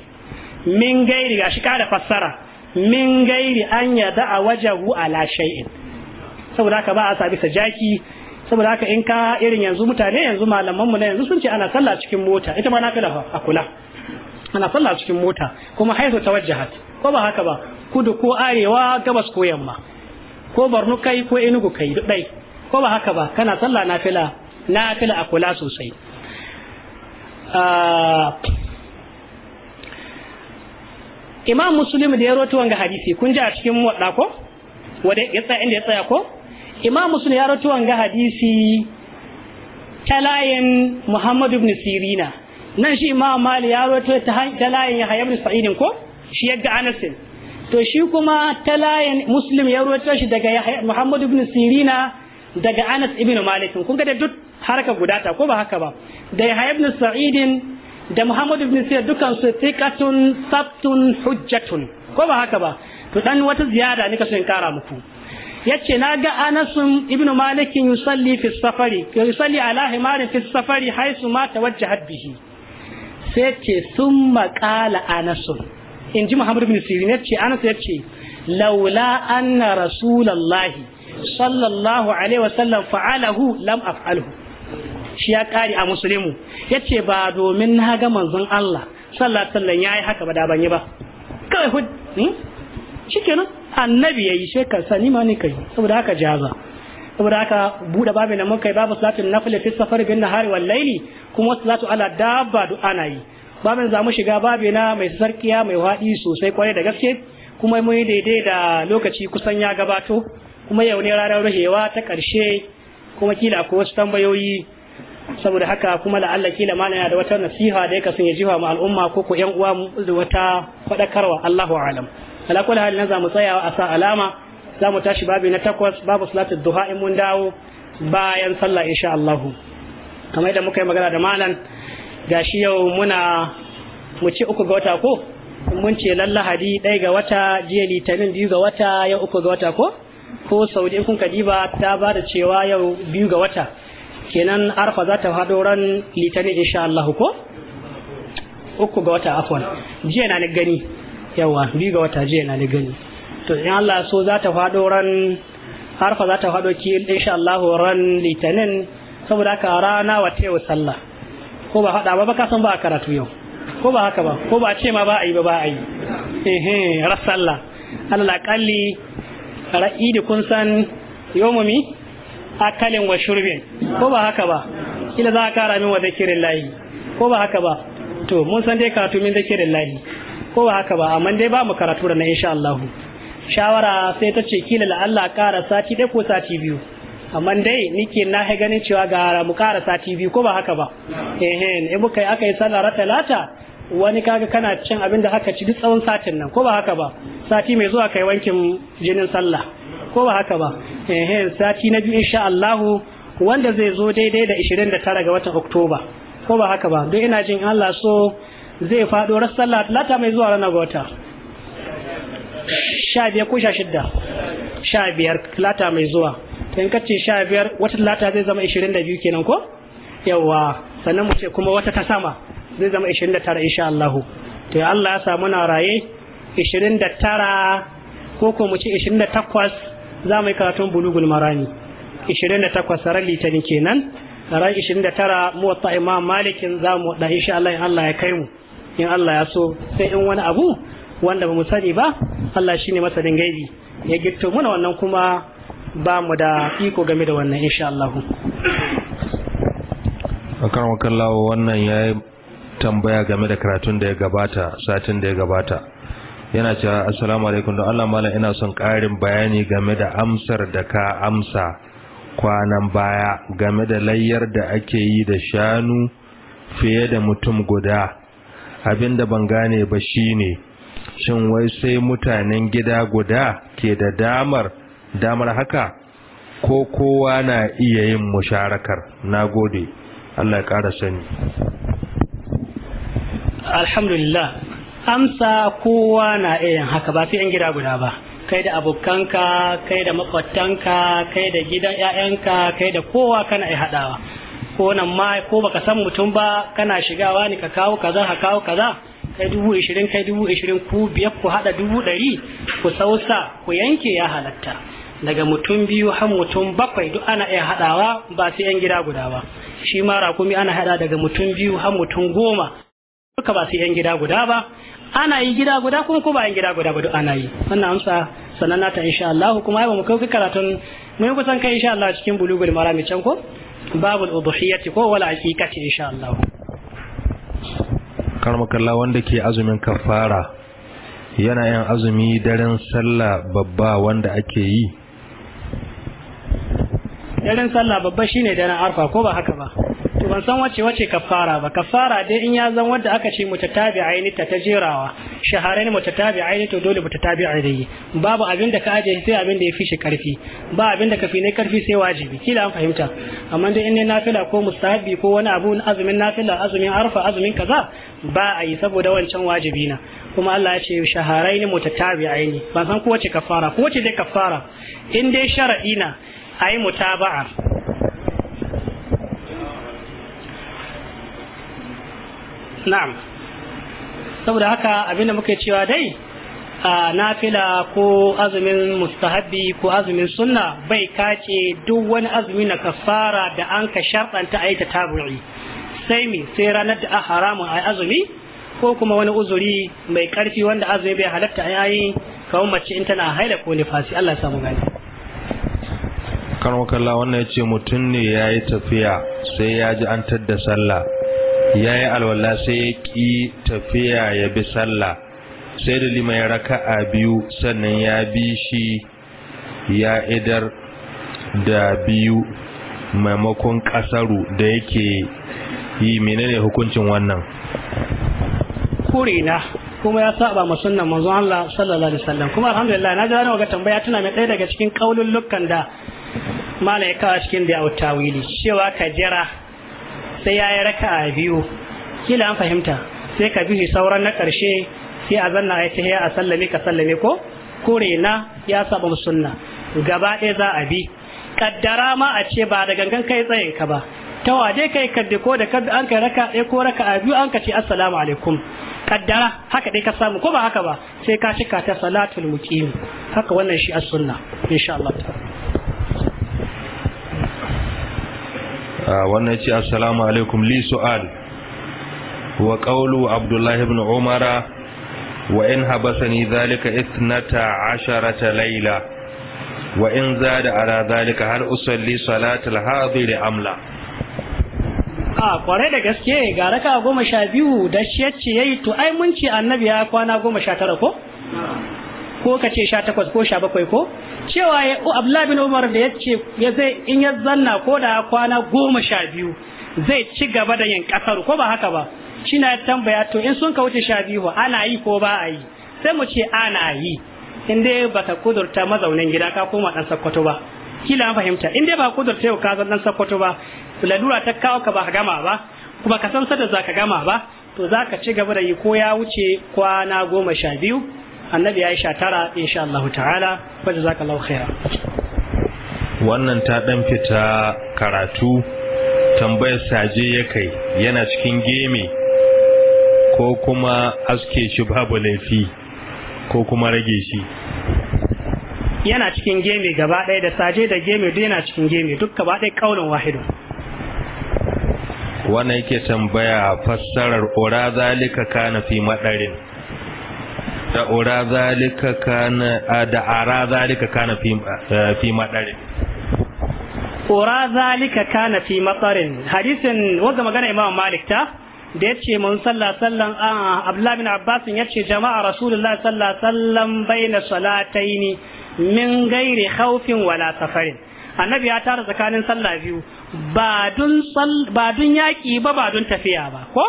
min gairi ga shi kada fassara min gairi an da a wajahu ala shay'in saboda haka ba a sa bisa jaki saboda haka in ka irin yanzu mutane yanzu malaman mu na yanzu sun ce ana sallah cikin mota ita ma na kula a kula ana sallah cikin mota kuma haihu tawajjahat ko ba haka ba kudu ko arewa gabas ko yamma ko barnu kai ko enugu kai duk dai ko ba haka ba kana sallah nafila nafila a kula sosai ah, imam muslim da ya roto wanga hadisi kun ji a cikin wadda ko wanda ya tsaya inda ya tsaya ko imam muslim ya roto wanga hadisi talayin muhammad ibn sirina nan shi imam mali ya roto ta talayin yahya ibn sa'id ko shi yadda anasin to shi kuma talayin muslim ya roto shi daga muhammad ibn sirina daga anas ibn malik kun ga da duk haraka guda ta ko ba haka ba da yahya ibn sa'id da muhammad ibn Sirr dukan su thiqatun sabtun hujjatun ko ba haka ba to dan wata ziyada ne kaso in kara muku yace na ga Anas ibn Malik yusalli fi safari yusalli ala himarin fi safari haisu ma tawajjahat bihi sai ce summa qala Anas in ji Muhammadu ibn Sirr yace Anas yace laula anna rasulallahi sallallahu alaihi wasallam fa'alahu lam af'alhu shi ya kare a muslimu yace ba domin na ga manzon Allah sallallahu alaihi wasallam yayi haka ba da ban ba kai hud hmm? shikenan annabi yayi sai ka sani ma ne kai saboda haka jaza saboda haka buda babin nan kai babu salatin nafile fi safar bin nahari wal laili kuma salatu ala dabba du ana yi babin za mu shiga babu na mai sarkiya mai wadi sosai kwarai da gaske kuma mun yi daidai da lokaci kusan ya gabato kuma yau ne ranar ruhewa ta karshe kuma kila ko wasu tambayoyi saboda haka kuma la'alla kila ma yana da wata nasiha da yake son ya jiwa ma al'umma ko ko yan uwa da wata fadakarwa Allahu a'lam ala kulli hal za mu tsaya a sa alama za mu tashi babi na takwas babu salatu duha in mun dawo bayan sallah insha Allah kamar yadda muka yi magana da malam gashi yau muna mu ci uku ga wata ko mun ce lallahadi ɗaya ga wata jiya litinin biyu ga wata yau uku ga wata ko ko saudi kun kadiba ta ba da cewa yau biyu ga wata kenan arfa za ta hado ran litani insha Allah ko uku ga wata afwan jiya na gani yawa biyu ga wata jiya na gani to in Allah so za ta hado ran arfa za ta hado ki insha Allah ran litanin saboda ka rana wata yau sallah ko ba hada ba ka san ba karatu yau ko ba haka ba ko ba ce ma ba a yi ba ba a yi eh eh rasallah Allah kalli ra'idi kun san yawmumi akalin wa shurbin ko ba haka ba kila za a kara min wa zakirin lahi ko ba haka ba to mun san dai karatu min zakirin lahi ko ba haka ba amma dai ba mu karatu da na insha Allah shawara sai ta ce kila la Allah kara sati dai ko sati biyu amma dai nike na ha ganin cewa ga mu kara sati biyu ko ba haka ba eh eh muka aka yi sallar talata wani kaga kana cin abin da haka ci duk tsawon satin nan ko ba haka ba sati mai zuwa kai wankin jinin sallah ko ba haka ba eh sati na biyu insha Allah wanda zai zo daidai da 29 ga watan Oktoba ko ba haka ba don ina jin Allah so zai faɗo ran sallah talata mai zuwa ranar wata sha biyar ko sha shidda sha biyar talata mai zuwa in ka ce sha biyar wata talata zai zama 22 kenan ko yawa sannan mu ce kuma wata ta sama zai zama 29 insha Allah to Allah ya samu na raye 29 ko ko mu ce 28 za mu yi karatun bulugul marani 28 sarar litinin kenan ran 29 muwatta imam malikin za mu da insha Allah in Allah ya kai mu in Allah ya so sai in wani abu wanda ba mu sani ba Allah shine masanin gaibi ya gitto muna wannan kuma ba mu da iko game da wannan insha Allah akan wakan lawo wannan yayi tambaya game da karatun da ya gabata satin da ya gabata yana cewa assalamu alaikum don Allah malam ina son ƙarin bayani game da amsar da ka amsa kwanan baya game da layyar da ake yi da shanu fiye da mutum guda abin da ban gane ba shine shin wai sai mutanen gida guda ke da damar damar haka ko kowa na iya yin musharakar na gode Allah ya ƙara sani alhamdulillah amsa kowa na irin haka ba sai yan gida guda ba kai da abokanka kai da makwattanka kai da gidan 'ya'yanka kai da kowa kana iya haɗawa ko nan ma ko baka san mutum ba kana shigawa ne ka kawo kaza ka kawo kaza kai dubu ishirin kai dubu ishirin ku biyar ku haɗa dubu ɗari ku sausa ku yanke ya halatta daga mutum biyu har mutum bakwai duk ana iya haɗawa ba sai yan gida guda ba shi ma rakumi ana haɗa daga mutum biyu har mutum goma duka ba sai yan gida guda ba ana yi gida guda kuma ko ba yin gida guda ba duk ana yi wannan amsa sannan ta insha Allah kuma ai ba mu kai karatun mu yi kusan kai insha Allah cikin bulugul marami can ko babul udhiyati ko wala hakikati insha Allah karmakalla wanda ke azumin kafara yana yin azumi daren sallah babba wanda ake yi daren sallah babba shine daren arfa ko ba haka ba to ban san wace wace kafara ba kafara dai in ya zan wanda aka ce mutatabi'aini ta tajirawa shaharain mutatabi'aini to dole mutatabi'aini babu abin da ka aje sai abin da ya fi shi karfi ba abin da ka fi ne karfi sai wajibi kila an fahimta amma dai in ne nafila ko mustahabi ko wani abu azumin nafila azumin arfa azumin kaza ba a yi saboda wancan wajibi na kuma Allah ya ce shaharain mutatabi'aini ban san ko wace kafara ko wace dai kafara in dai shar'i na ayi mutaba'a na'am saboda haka abinda muke cewa dai a nafila ko azumin mustahabi ko azumin sunna bai kace duk wani azumi na kafara da an ka sharɗanta a yi ta tabu'i sai mi sai ranar da a haramun a azumi ko kuma wani uzuri mai ƙarfi wanda azumi bai halatta a yayi kawai mace in tana haila ko nifasi Allah samu gani karmakalla wannan ya ce mutum ne ya yi tafiya sai ya ji an tadda sallah ya yi alwala sai ya ƙi tafiya ya bi sallah sai da lima ya a biyu sannan ya bi shi ya idar da biyu maimakon kasaru da yake yi menene hukuncin wannan kurina kuma ya saba ma sunnan manzon Allah sallallahu alaihi wasallam kuma alhamdulillah na ji wani ga tambaya tana mai ɗaya daga cikin kaulin lukkan da malaika cikin da wili cewa ka jira sai ya yi raka a biyu kila an fahimta sai ka bihi sauran na ƙarshe sai a zanna a yi ta a sallame ka sallame ko kore na ya saba sunna gaba ɗaya za a bi kaddara ma a ce ba da gangan kai tsaye ka ba ta waje kai kaddi ko da kaddi an kai raka ɗaya ko raka a biyu an ka ce assalamu alaikum kaddara haka ɗaya ka samu ko ba haka ba sai ka cika ta salatul muqim haka wannan shi as-sunna insha Allah ta'ala Ah, wannan ce assalamu alaikum li su'al wa qawlu abdullahi ibn umara wa in habasani dhalika ithnata asharata layla wa in zada ala dhalika hal usalli salatal hadir amla a kware da gaske ga raka goma sha da shi yace yayi to ai mun ce annabi ya kwana goma sha tara ko ko ka ce sha takwas ko sha bakwai ko cewa ya abdullahi bin umar da ya ce ya zai in ya zanna ko da kwana goma sha biyu zai ci gaba da yin ƙasar ko ba haka ba shi na tambaya to in sun ka wuce sha biyu ana yi ko ba a yi sai mu ce ana yi in dai ka kudurta mazaunin gida ka koma ɗan sakkwato ba kila an fahimta in dai ba kudurta yau ka zan ɗan sakkwato ba lalura ta kawo ka ba ka gama ba kuma ka san sada za ka gama ba to za ka ci gaba da yi ko ya wuce kwana goma sha biyu annabi Aisha tara insha Allah ta'ala fa jazakallahu khaira wannan ta dan fita karatu tambayar saje ya kai yana cikin geme ko kuma aske shi babu laifi ko kuma rage shi yana cikin geme gaba ɗaya da saje da geme duk yana cikin geme duk gaba ɗaya kaulin wahidu wannan yake tambaya fassarar ora zalika kana fi madarin da ura zalika kana da ara zalika kana fi madare ura zalika kana fi matarin hadisin wanda magana imam malik ta da yace mun sallah sallan abdullah bin abbas yace jama'a rasulullahi sallallahu alaihi wasallam baina salataini min gairi khawfin wala safarin annabi ya tara tsakanin sallah biyu ba dun ba dun yaki ba ba dun tafiya ba ko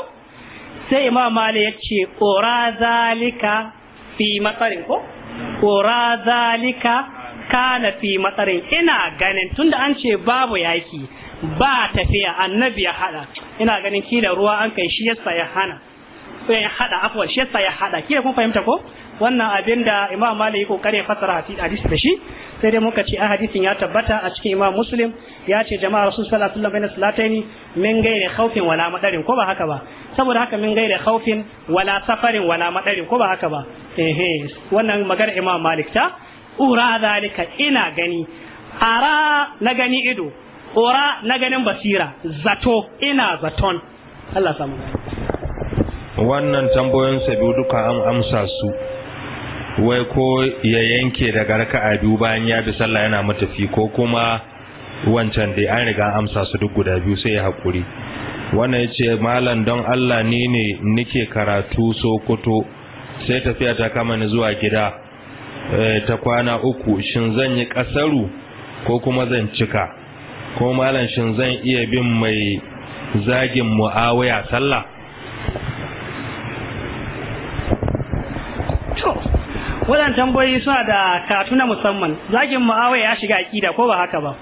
sai imam malik yace ura zalika fi matsarin ko ko zalika kana fi matsarin ina ganin tunda an ce babu yaki ba tafiya annabi ya hada ina ganin kila ruwa an kai shi yasa ya hana sai ya hada afuwa shi yasa ya hada kila kun fahimta ko wannan abin da imam malik kokare fasara hadisi da shi sai dai muka ce a hadisin ya tabbata a cikin imam muslim ya ce jama'a rasul sallallahu alaihi wasallam min gaire khaufin wala madarin ko ba haka ba saboda haka min gaire khaufin wala safarin wala madarin ko ba haka ba eh wannan magana imam malik ta ura zalika ina gani ara na gani ido ura na ganin basira zato ina zaton Allah samu wannan tambayoyin sabiu duka an amsa su wai ko ya yanke daga raka'a biyu bayan ya bi sallah yana matafi ko kuma wancan dai an riga amsa su duk guda biyu sai ya haƙuri wannan ya ce malam don allah ni ne nike karatu sokoto sai tafiya ta kama ni zuwa gida eh, ta kwana uku shin zan yi kasaru ko kuma zan cika ko malam shin zan iya bin mai zagin mu'awaya sallah waɗannan tambayoyi suna da katuna na musamman zagin muawiya ya shiga aqida ko ba haka ba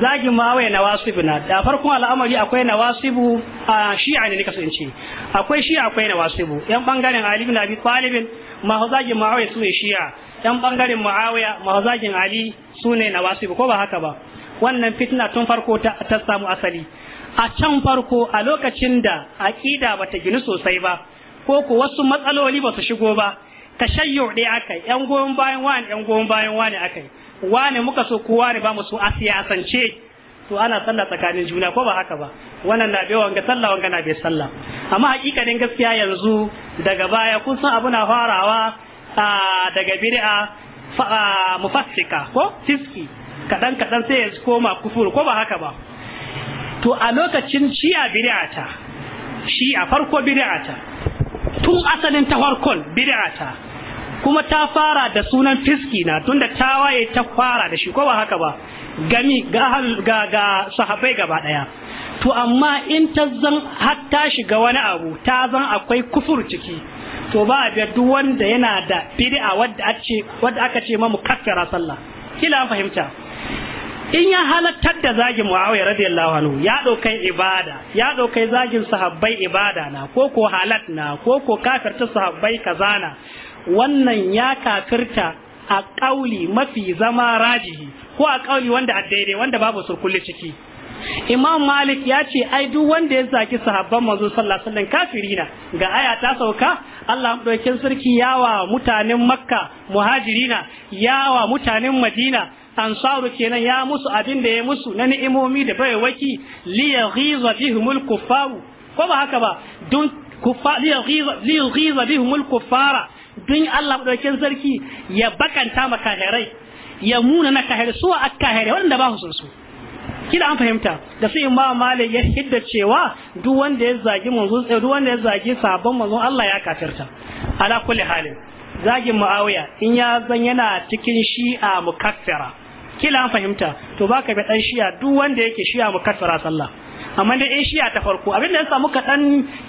zagin muawiya na wasibu na da farkon al'amari akwai na wasibu a shi'a ne nika sun ce akwai shi'a akwai na wasibu yan bangaren ali bin abi talib ma zagin muawiya su ne shi'a yan bangaren muawiya ma zagin ali su ne na wasibu ko ba haka ba wannan fitna tun farko ta samu asali a can farko a lokacin da aqida bata gini sosai ba ko ko wasu matsaloli ba su shigo ba tashayyu dai akai yan goyon bayan wani yan goyon bayan wani akai wani muka so kowa ne ba mu so a siyasance to ana sallah tsakanin juna ko ba haka ba wannan na bai wanga sallah wanga na bai sallah amma hakikanin gaskiya yanzu daga baya kun san abu na farawa daga bid'a mufassika ko fiski kadan kadan sai ya koma kufur ko ba haka ba to a lokacin shi'a bid'a ta shi'a farko bid'a ta tun asalin ta farkon bid'a ta kuma ta fara da sunan fiski na tunda ta waye ta fara da shi ko ba haka ba gami ga ga, ga sahabbai gaba daya to amma in ta zan har ta shiga wani abu ta zan akwai kufur ciki to ba a duk wanda yana da bid'a wadda ace wadda aka ce mamu kaffara sallah kila fahimta in ya halattar da zagin Muawiya radiyallahu anhu ya daukai ibada ya dauka zagin sahabbai ibada na ko ko halat na ko ko kafirta sahabbai kazana wannan ya kafirta a ƙauli mafi zama rajihi ko a ƙauli wanda a daidai wanda babu surkulli ciki imam malik ya ce ai duk wanda ya zaki sahabban manzo sallallahu alaihi wasallam kafirina ga aya ta sauka Allah madaukin sarki yawa mutanen makka muhajirina yawa mutanen madina ansaru kenan ya musu abin da ya musu na ni'imomi da bai waki li yaghiza bihumul kuffaru ko ba haka ba dun li yaghiza dun Allah madaukakin sarki ya bakanta ma kahirai ya muna na kahirai suwa a kahirai wanda ba su su kila an fahimta da sai imam malik ya hidda cewa duk wanda ya zagi manzo eh, duk wanda ya zagi sabon manzo Allah ya kafirta ala kulli halin zagin muawiya in ya zan yana cikin shi'a mukaffara kila an fahimta to baka bi dan shi'a duk wanda yake shi'a mukaffara sallah amma da in shi'a ta farko abinda ya samu ka dan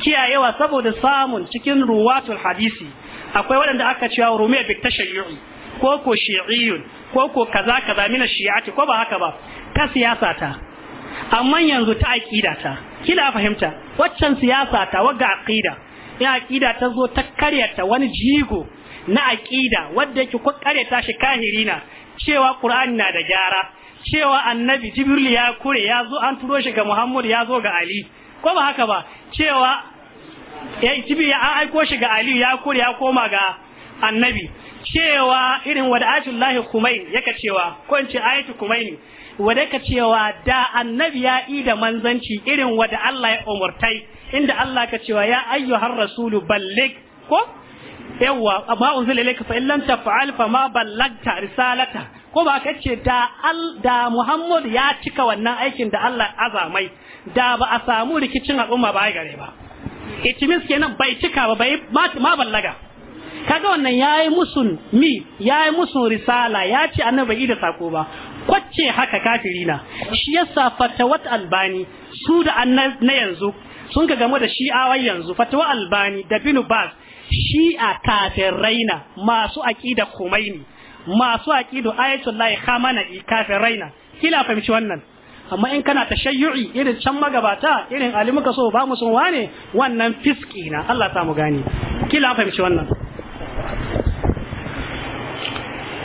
kiyayewa saboda samun cikin ruwatul hadisi akwai waɗanda aka cewa rumiya bi tashayyu'i ko ko shi'iyun ko ko kaza kaza mina shi'ati ko ba haka ba ta siyasa ta amma yanzu ta aqida ta kila fahimta waccan siyasa ta waga aqida ya aqida ta zo ta karyata wani jigo na aqida wanda yake ko karyata shi kahirina cewa qur'ani na da gyara cewa annabi jibril ya kure ya zo an turo shi ga muhammad ya zo ga ali ko ba haka ba cewa ya tibi ya an aiko shi ga aliyu ya kure ya koma ga annabi cewa irin wada lahi kumai yaka cewa ko in ce ayatu kumaini wada ka cewa da annabi ya yi da manzanci irin wada Allah ya umurtai inda Allah ka cewa ya har rasulu ballig ko yawa amma unzila ilayka fa illan taf'al fa ma ballagta risalata ko ba ka ce da al da Muhammad ya cika wannan aikin da Allah azamai da ba a samu rikicin al'umma ba gare ba itimis kenan bai cika ba bai ma ballaga kaga wannan yayi musun mi yayi musun risala ya ce annabi bai da sako ba kwacce haka kafiri na shi yasa fatawat albani su da na yanzu sun ga game da shi'awai yanzu fatawa albani da binu bas shi'a kafin raina masu aqida kumaini masu aqidu ayatullahi khamana kafirai na kila fahimci wannan amma in kana ta tashayyu'i irin can magabata irin alimuka so ba mu wane wannan fiski na Allah ta mu gane kila fahimci wannan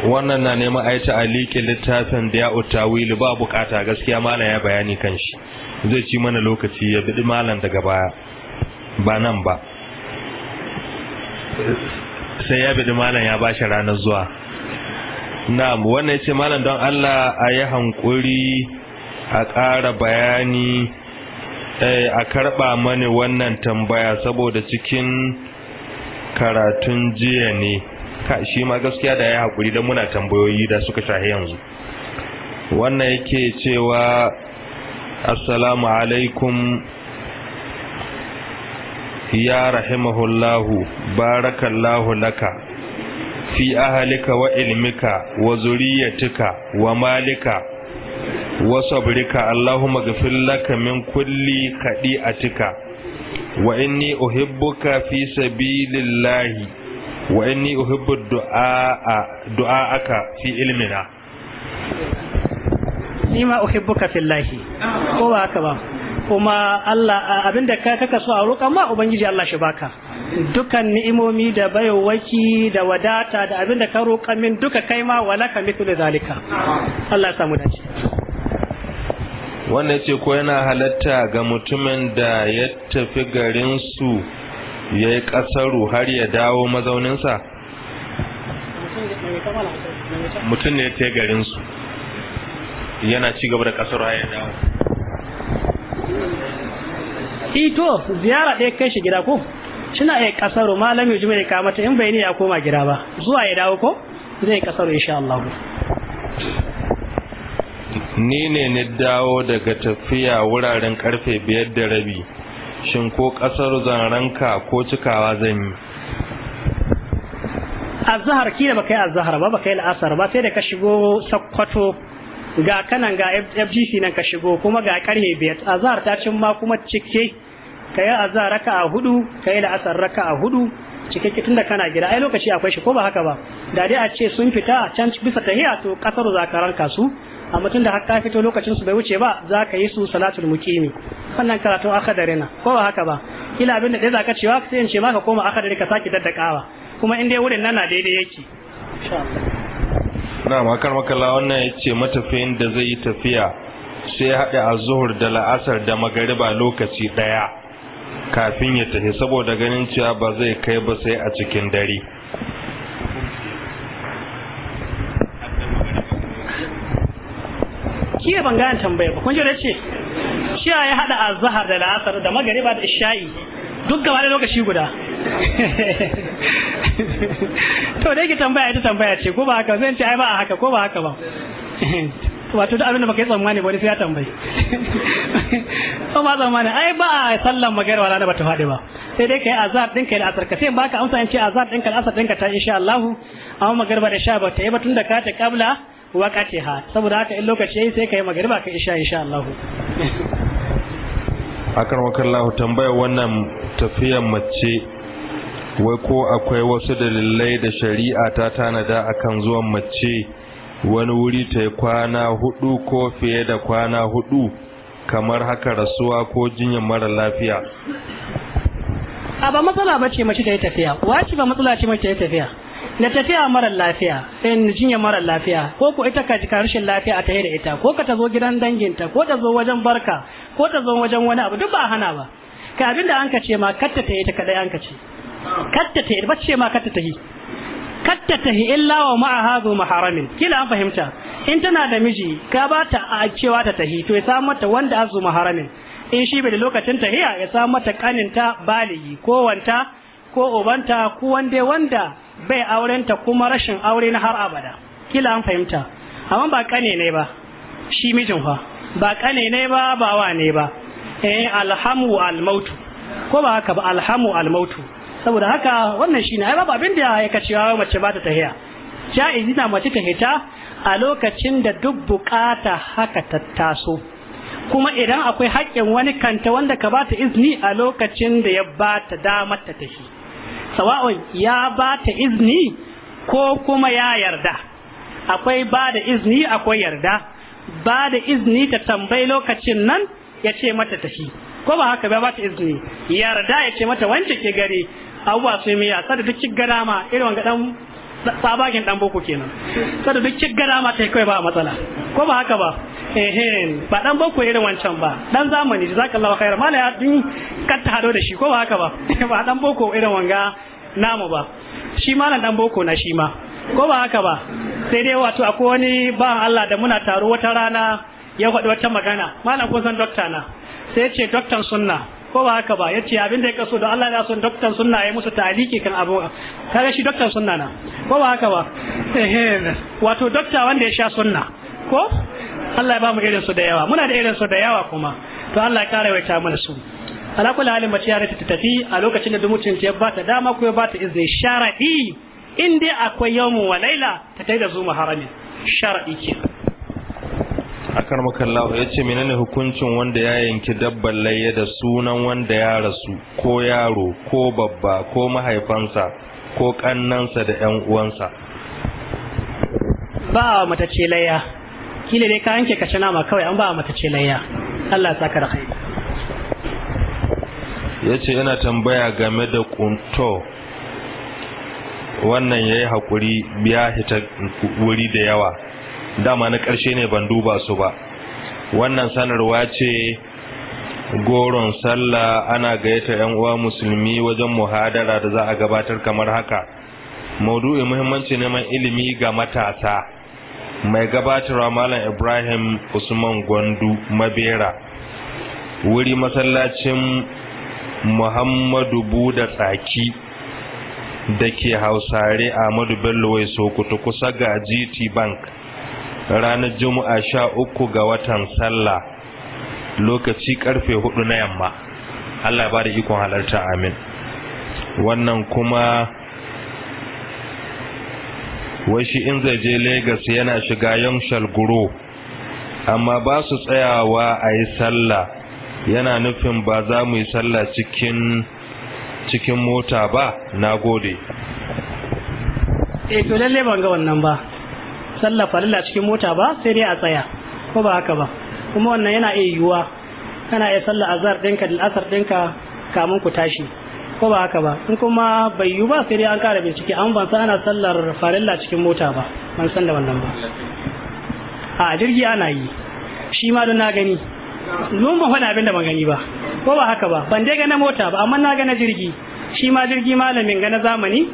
wannan na neman a yi littafin da ya utawilu ba bukata gaskiya malam ya bayani kan shi zai ci mana lokaci ya bidi malam daga baya ba nan ba sai ya bidi malam ya ba shi ranar zuwa na wannan ya ce malam don Allah a yi hankuri a ƙara bayani eh, a karɓa mani wannan tambaya saboda cikin karatun jiya ne ka shi ma gaskiya da ya haƙuri don muna tambayoyi da suka shahi yanzu wannan yake cewa assalamu alaikum ya rahimahullahu barakallahu laka fi ahalika wa ilmika wa zuriyatika wa malika allahumma ghfir laka min kulli كل wa inni uhibbuka fi sabilillah wa inni uhibbu الدعاء du'a'aka fi ilmina nima uhibbuka fillah ko ba haka ba kuma Allah abinda ka kaka so a roƙa ma ubangiji Allah shi baka dukan ni'imomi da bayawaki da wadata da abinda ka roƙa min duka kai ma walaka mithlu zalika Allah ya samu dace wannan ce ko yana halatta ga mutumin da ya tafi garinsu ya yi ƙasaru har ya dawo mazauninsa mutum ne ya ta garinsu yana ci gaba da ƙasaru har ya dawo ito ziyara ɗaya kai shi gida ko shina ya ƙasaru malam ya jima ya kamata in bai ne ya koma gida ba zuwa ya dawo ko zai ƙasaru insha Allah ni ne ni dawo daga tafiya wuraren karfe biyar da rabi shin ko kasar zanranka ko cikawa zan yi ki da baka yi zahar ba baka yi la'asar ba sai da ka shigo sakkwato ga kanan ga FGC nan ka shigo kuma ga karhe biyar zahar ta cin ma kuma cike ka yi azhar raka a hudu ka yi la'asar raka a hudu tunda kana gida ai lokaci akwai shi ko ba haka ba da dai a ce sun fita can bisa tahiya to kasar zakaran kasu A mutum da har ka fito lokacin su bai wuce ba za ka yi su salatul mukimi wannan karatu akadare na ko ba haka ba kila abin da dai zaka cewa sai in ce maka koma akadare ka saki daddakawa kuma in dai wurin nan na daidai yake insha Allah na makar makalla wannan yace matafiyin da zai yi tafiya sai ya haɗe a zuhur da la'asar da magariba lokaci ɗaya kafin ya tafi saboda ganin cewa ba zai kai ba sai a cikin dare shi ban gane tambayar ba kun ji da ce shi ya yi hada azhar da la'asar da magariba da isha'i duk gaba da lokaci guda to da yake tambaya ita tambaya ce ko ba haka zan ce ai ba haka ko ba haka ba wato duk abinda da baka yi tsammani ba wani sai ya tambayi ko ba tsammani ai ba a sallan magana wala na bata faɗi ba sai dai kai azhar din kai asar ka sai baka amsa in ce azhar din kai asar din ka ta insha Allah amma ba da sha ba ta yi ba tun da ka ta kabla waqatiha saboda haka in lokaci yayi sai kai magariba ka isha insha Allah akar Allah tambayar wannan tafiyar mace wai ko akwai wasu dalilai da shari'a ta tanada akan zuwan mace wani wuri ta yi kwana hudu ko fiye da kwana hudu kamar haka rasuwa ko jinyar mara lafiya a ba matsala ba ce mace ta yi tafiya wace ba matsala ce mace ta yi tafiya na tafiya mara lafiya ni jinya mara lafiya ko ko ita ka jika rashin lafiya a tahe da ita ko ka ta zo gidan danginta ko ta zo wajen barka ko ta zo wajen wani abu duk ba hana ba ka abin da an ka ce ma katta ta yi ta kadai an ka ce katta ta yi ba ce ma katta ta yi katta ta yi illa wa ma'a hazu maharamin kila an fahimta in tana da miji ka ba ta a cewa ta tahi to ya samu mata wanda azu maharamin in shi bai da lokacin tahiya ya samu mata kaninta baligi ko wanta ko obanta ko wanda bai aurenta kuma rashin aure na har abada kila an fahimta amma ba kane ne ba shi mijin fa ba kane ne ba ba wa ne ba eh alhamu almautu ko ba haka ba alhamu almautu saboda haka wannan shine ai babu abin da ya kace wa mace ba ta tahiya ja'izi na mace ta hita a lokacin da duk bukata haka ta taso kuma idan akwai haƙƙin wani kanta wanda ka ba ta izini a lokacin da ya ba ta damar ta tafi sawa'un ya ba ta izini ko kuma ya yarda akwai ba da izini akwai yarda ba da izini ta tambayi lokacin nan ya ce mata tafi ko ba haka ba ba ta izini yarda ya ce mata wance ke gare abuwa su yi miya da duk gada ma irin wanga dan tsabagen dan boko kenan kada duk kin gada ma tai kai ba matsala ko ba haka ba eh ba dan boko irin wancan ba dan zamani jazakallahu khairan mala ya din ta hado da shi ko ba haka ba ba dan boko irin wanga namu ba shi malam dan boko na shi ma ko ba haka ba sai dai wato akwai wani ba Allah da muna taro wata rana ya faɗi wata magana malam ko san dokta na sai ya ce doktan sunna ko ba haka ba yace abin da ya kaso da Allah ya son doktan sunna ya musu taliki kan abu kaga shi doktan sunna na ko ba haka ba wato dokta wanda ya sha sunna ko Allah ya ba mu irin su da yawa muna da irin su da yawa kuma to Allah ya kare waita mana su ala kulli halin mace ya ta tafi a lokacin da dumucin ta ba ta dama ko ba ta izini sharadi in dai akwai yawmu wa laila ta tai da zuma harami sharadi kenan akar makallahu ya ce menene hukuncin wanda ya yanki dabbar layya da sunan wanda ya rasu ko yaro ko babba ko mahaifansa ko kannansa da yan uwansa ba mata ce layya kila dai ka yanke ka nama kawai an ba mata ce layya Allah ya saka da kai ya ce yana tambaya game da kunto wannan ya yi haƙuri biya hita wuri da yawa dama na ƙarshe ne ban duba su ba wannan sanarwa ce goron sallah ana gayyata yan uwa musulmi wajen muhadara da za a gabatar kamar haka maudu'in muhimmanci neman ilimi ga matasa mai gabatarwa malam ibrahim usman gwandu mabera wuri masallacin muhammadu buda tsaki da ke hausare ahmadu bello wai sokoto kusa ga gt bank ranar juma'a sha uku ga watan sallah lokaci karfe hudu na yamma allah ba da ikon halarta amin wannan kuma washi in zai je Legas yana shiga yan guro amma ba su tsayawa a yi sallah yana nufin ba za mu yi sallah cikin mota ba na gode e to lalle ban ga wannan ba sallar farilla cikin mota ba sai dai a tsaya ko ba haka ba kuma wannan yana iya yiwuwa kana iya sallar azhar ɗinka da asar ɗinka kamun ku tashi ko ba haka ba in kuma bai yiwu ba sai dai an kara bincike an ban san ana sallar farilla cikin mota ba ban san da wannan ba a jirgi ana yi shi ma don na gani mun ban faɗa abin da ban gani ba ko ba haka ba ban dai ga na mota ba amma na ga na jirgi shi ma jirgi malamin ga na zamani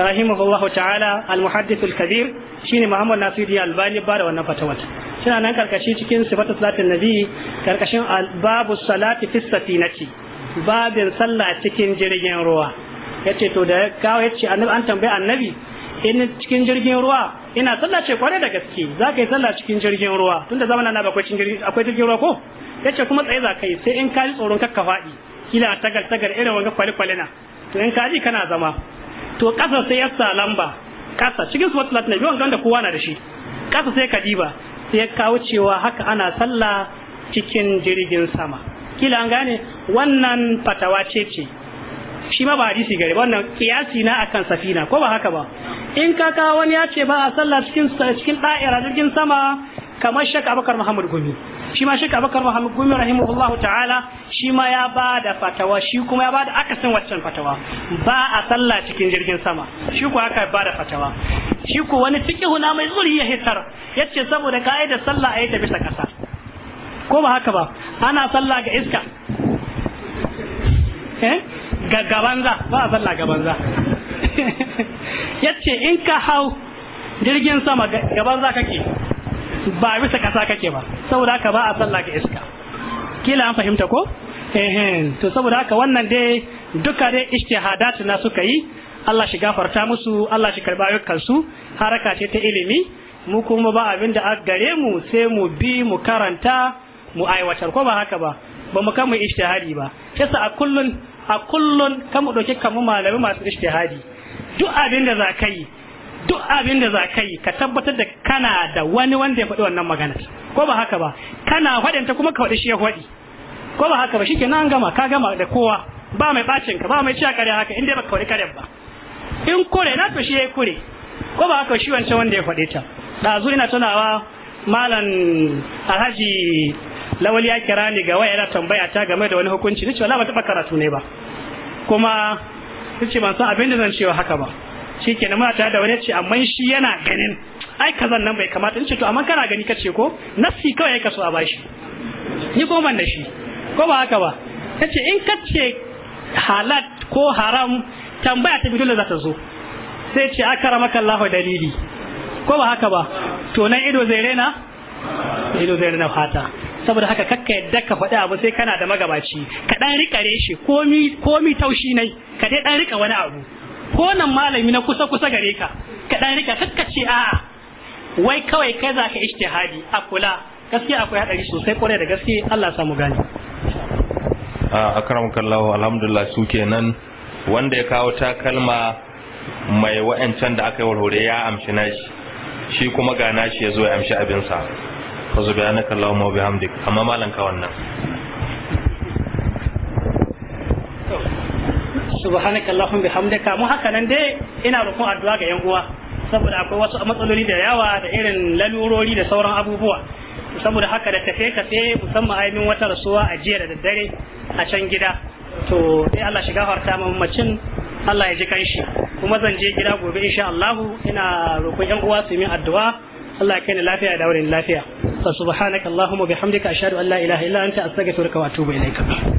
rahimahullahu ta'ala al-muhaddith al-kabir shine Muhammad Nasiruddin Albani ba da wannan fatawar suna nan karkashi cikin sifatu salatin nabi karkashin babu salati fi safinati babin sallah cikin jirgin ruwa yace to da kawo yace annabi an tambaye annabi in cikin jirgin ruwa ina sallah kwarai da gaske za ka yi sallah cikin jirgin ruwa tunda zamanin na akwai akwai jirgin ruwa ko yace kuma tsaye za ka sai in ka yi tsoron kakka faɗi kila tagal tagal irin wanga kwale kwale na to in ka ji kana zama to kasa sai ya sa lamba kasa cikin wata latin biyu wanda kowa na da shi kasa sai ka diba sai ya kawo cewa haka ana sallah cikin jirgin sama kila an gane wannan fatawa ce ce shi ma ba hadisi gare wannan kiyasi na akan safina ko ba haka ba in ka kawo wani ya ce ba a sallah cikin cikin jirgin sama kamar shek abakar muhammad gumi shi ma shek abakar muhammad gumi rahimahullahu ta'ala shi ma ya ba da fatawa shi kuma ya ba da akasin waccan fatawa ba a sallah cikin jirgin sama shi ko aka ba da fatawa shi ko wani fiqhu na mai zuri ya hitar yace saboda ka'idar sallah ayi ta bisa kasa ko ba haka ba ana sallah ga iska eh? ga gabanza ba a sallah gabanza yace in ka hau jirgin sama gaban za kake ba bisa kasa kake ba saboda haka ba a sallah ga iska kila an fahimta ko eh to saboda haka wannan dai duka dai ijtihadat na suka yi Allah shi gafarta musu Allah shi karba ayyukan su haraka ce ta ilimi mu kuma ba abin da aka gare mu sai mu bi mu karanta mu aiwatar ko ba haka ba ba mu mu ijtihadi ba yasa a kullun a kullun kan mu kamu malami masu ijtihadi duk abin da za ka yi duk abin da za ka yi ka tabbatar da kana da wani wanda ya faɗi wannan magana ko ba haka ba kana faɗinta kuma ka faɗi shi ya faɗi ko ba haka ba shi kenan an gama ka gama da kowa ba mai bacin ka ba mai ciya kare haka inda ka faɗi kare ba in kure na to shi ya kure ko ba haka shi wancan wanda ya faɗi ta ɗazu ina tunawa malam alhaji lawal ya kira ni ga waya yana tambaya ta game da wani hukunci ni ce wala ba taɓa karatu ne ba kuma ni ce ban san abin da zan cewa haka ba shikenan muna mata da wani ce amma shi yana ganin ai zan nan bai kamata in ce to amma kana gani kace ko nasi kawai ka so a bashi ni ko ban da shi ko ba haka ba kace in kace halat ko haram tambaya ta bidula za ta zo sai ce akaramaka Allahu dalili ko ba haka ba to nan ido zai rena ido zai rena fata saboda haka kakka yadda ka faɗi abu sai kana da magabaci ka ɗan riƙa reshe komi taushi nai ka dai ɗan rika wani abu ko nan malami na kusa kusa gare ka ka dan rika kakkace a'a wai kawai kai zaka ka ijtihadi a kula gaskiya akwai hadari sosai kwarai da gaske Allah ya samu gani a akramakallahu alhamdulillah su kenan wanda ya kawo takalma mai wa'ancan da aka yi warware ya amshi nashi shi kuma ga nashi ya zo ya amshi abinsa fa allahumma wa bihamdik amma malanka wannan subhanaka bihamdika mu haka nan dai ina roƙon addu'a ga yan uwa saboda akwai wasu matsaloli da yawa da irin lalurori da sauran abubuwa saboda haka da tafe kafe musamman ainihin wata rasuwa a jiya da daddare a can gida to dai Allah shiga mu mamacin Allah ya ji kanshi kuma zan je gida gobe insha Allah ina roƙon yan uwa su yi min addu'a Allah ya kaina lafiya da wurin lafiya fa subhanaka allahumma bihamdika ashhadu an la ilaha illa anta astaghfiruka wa atubu ilaika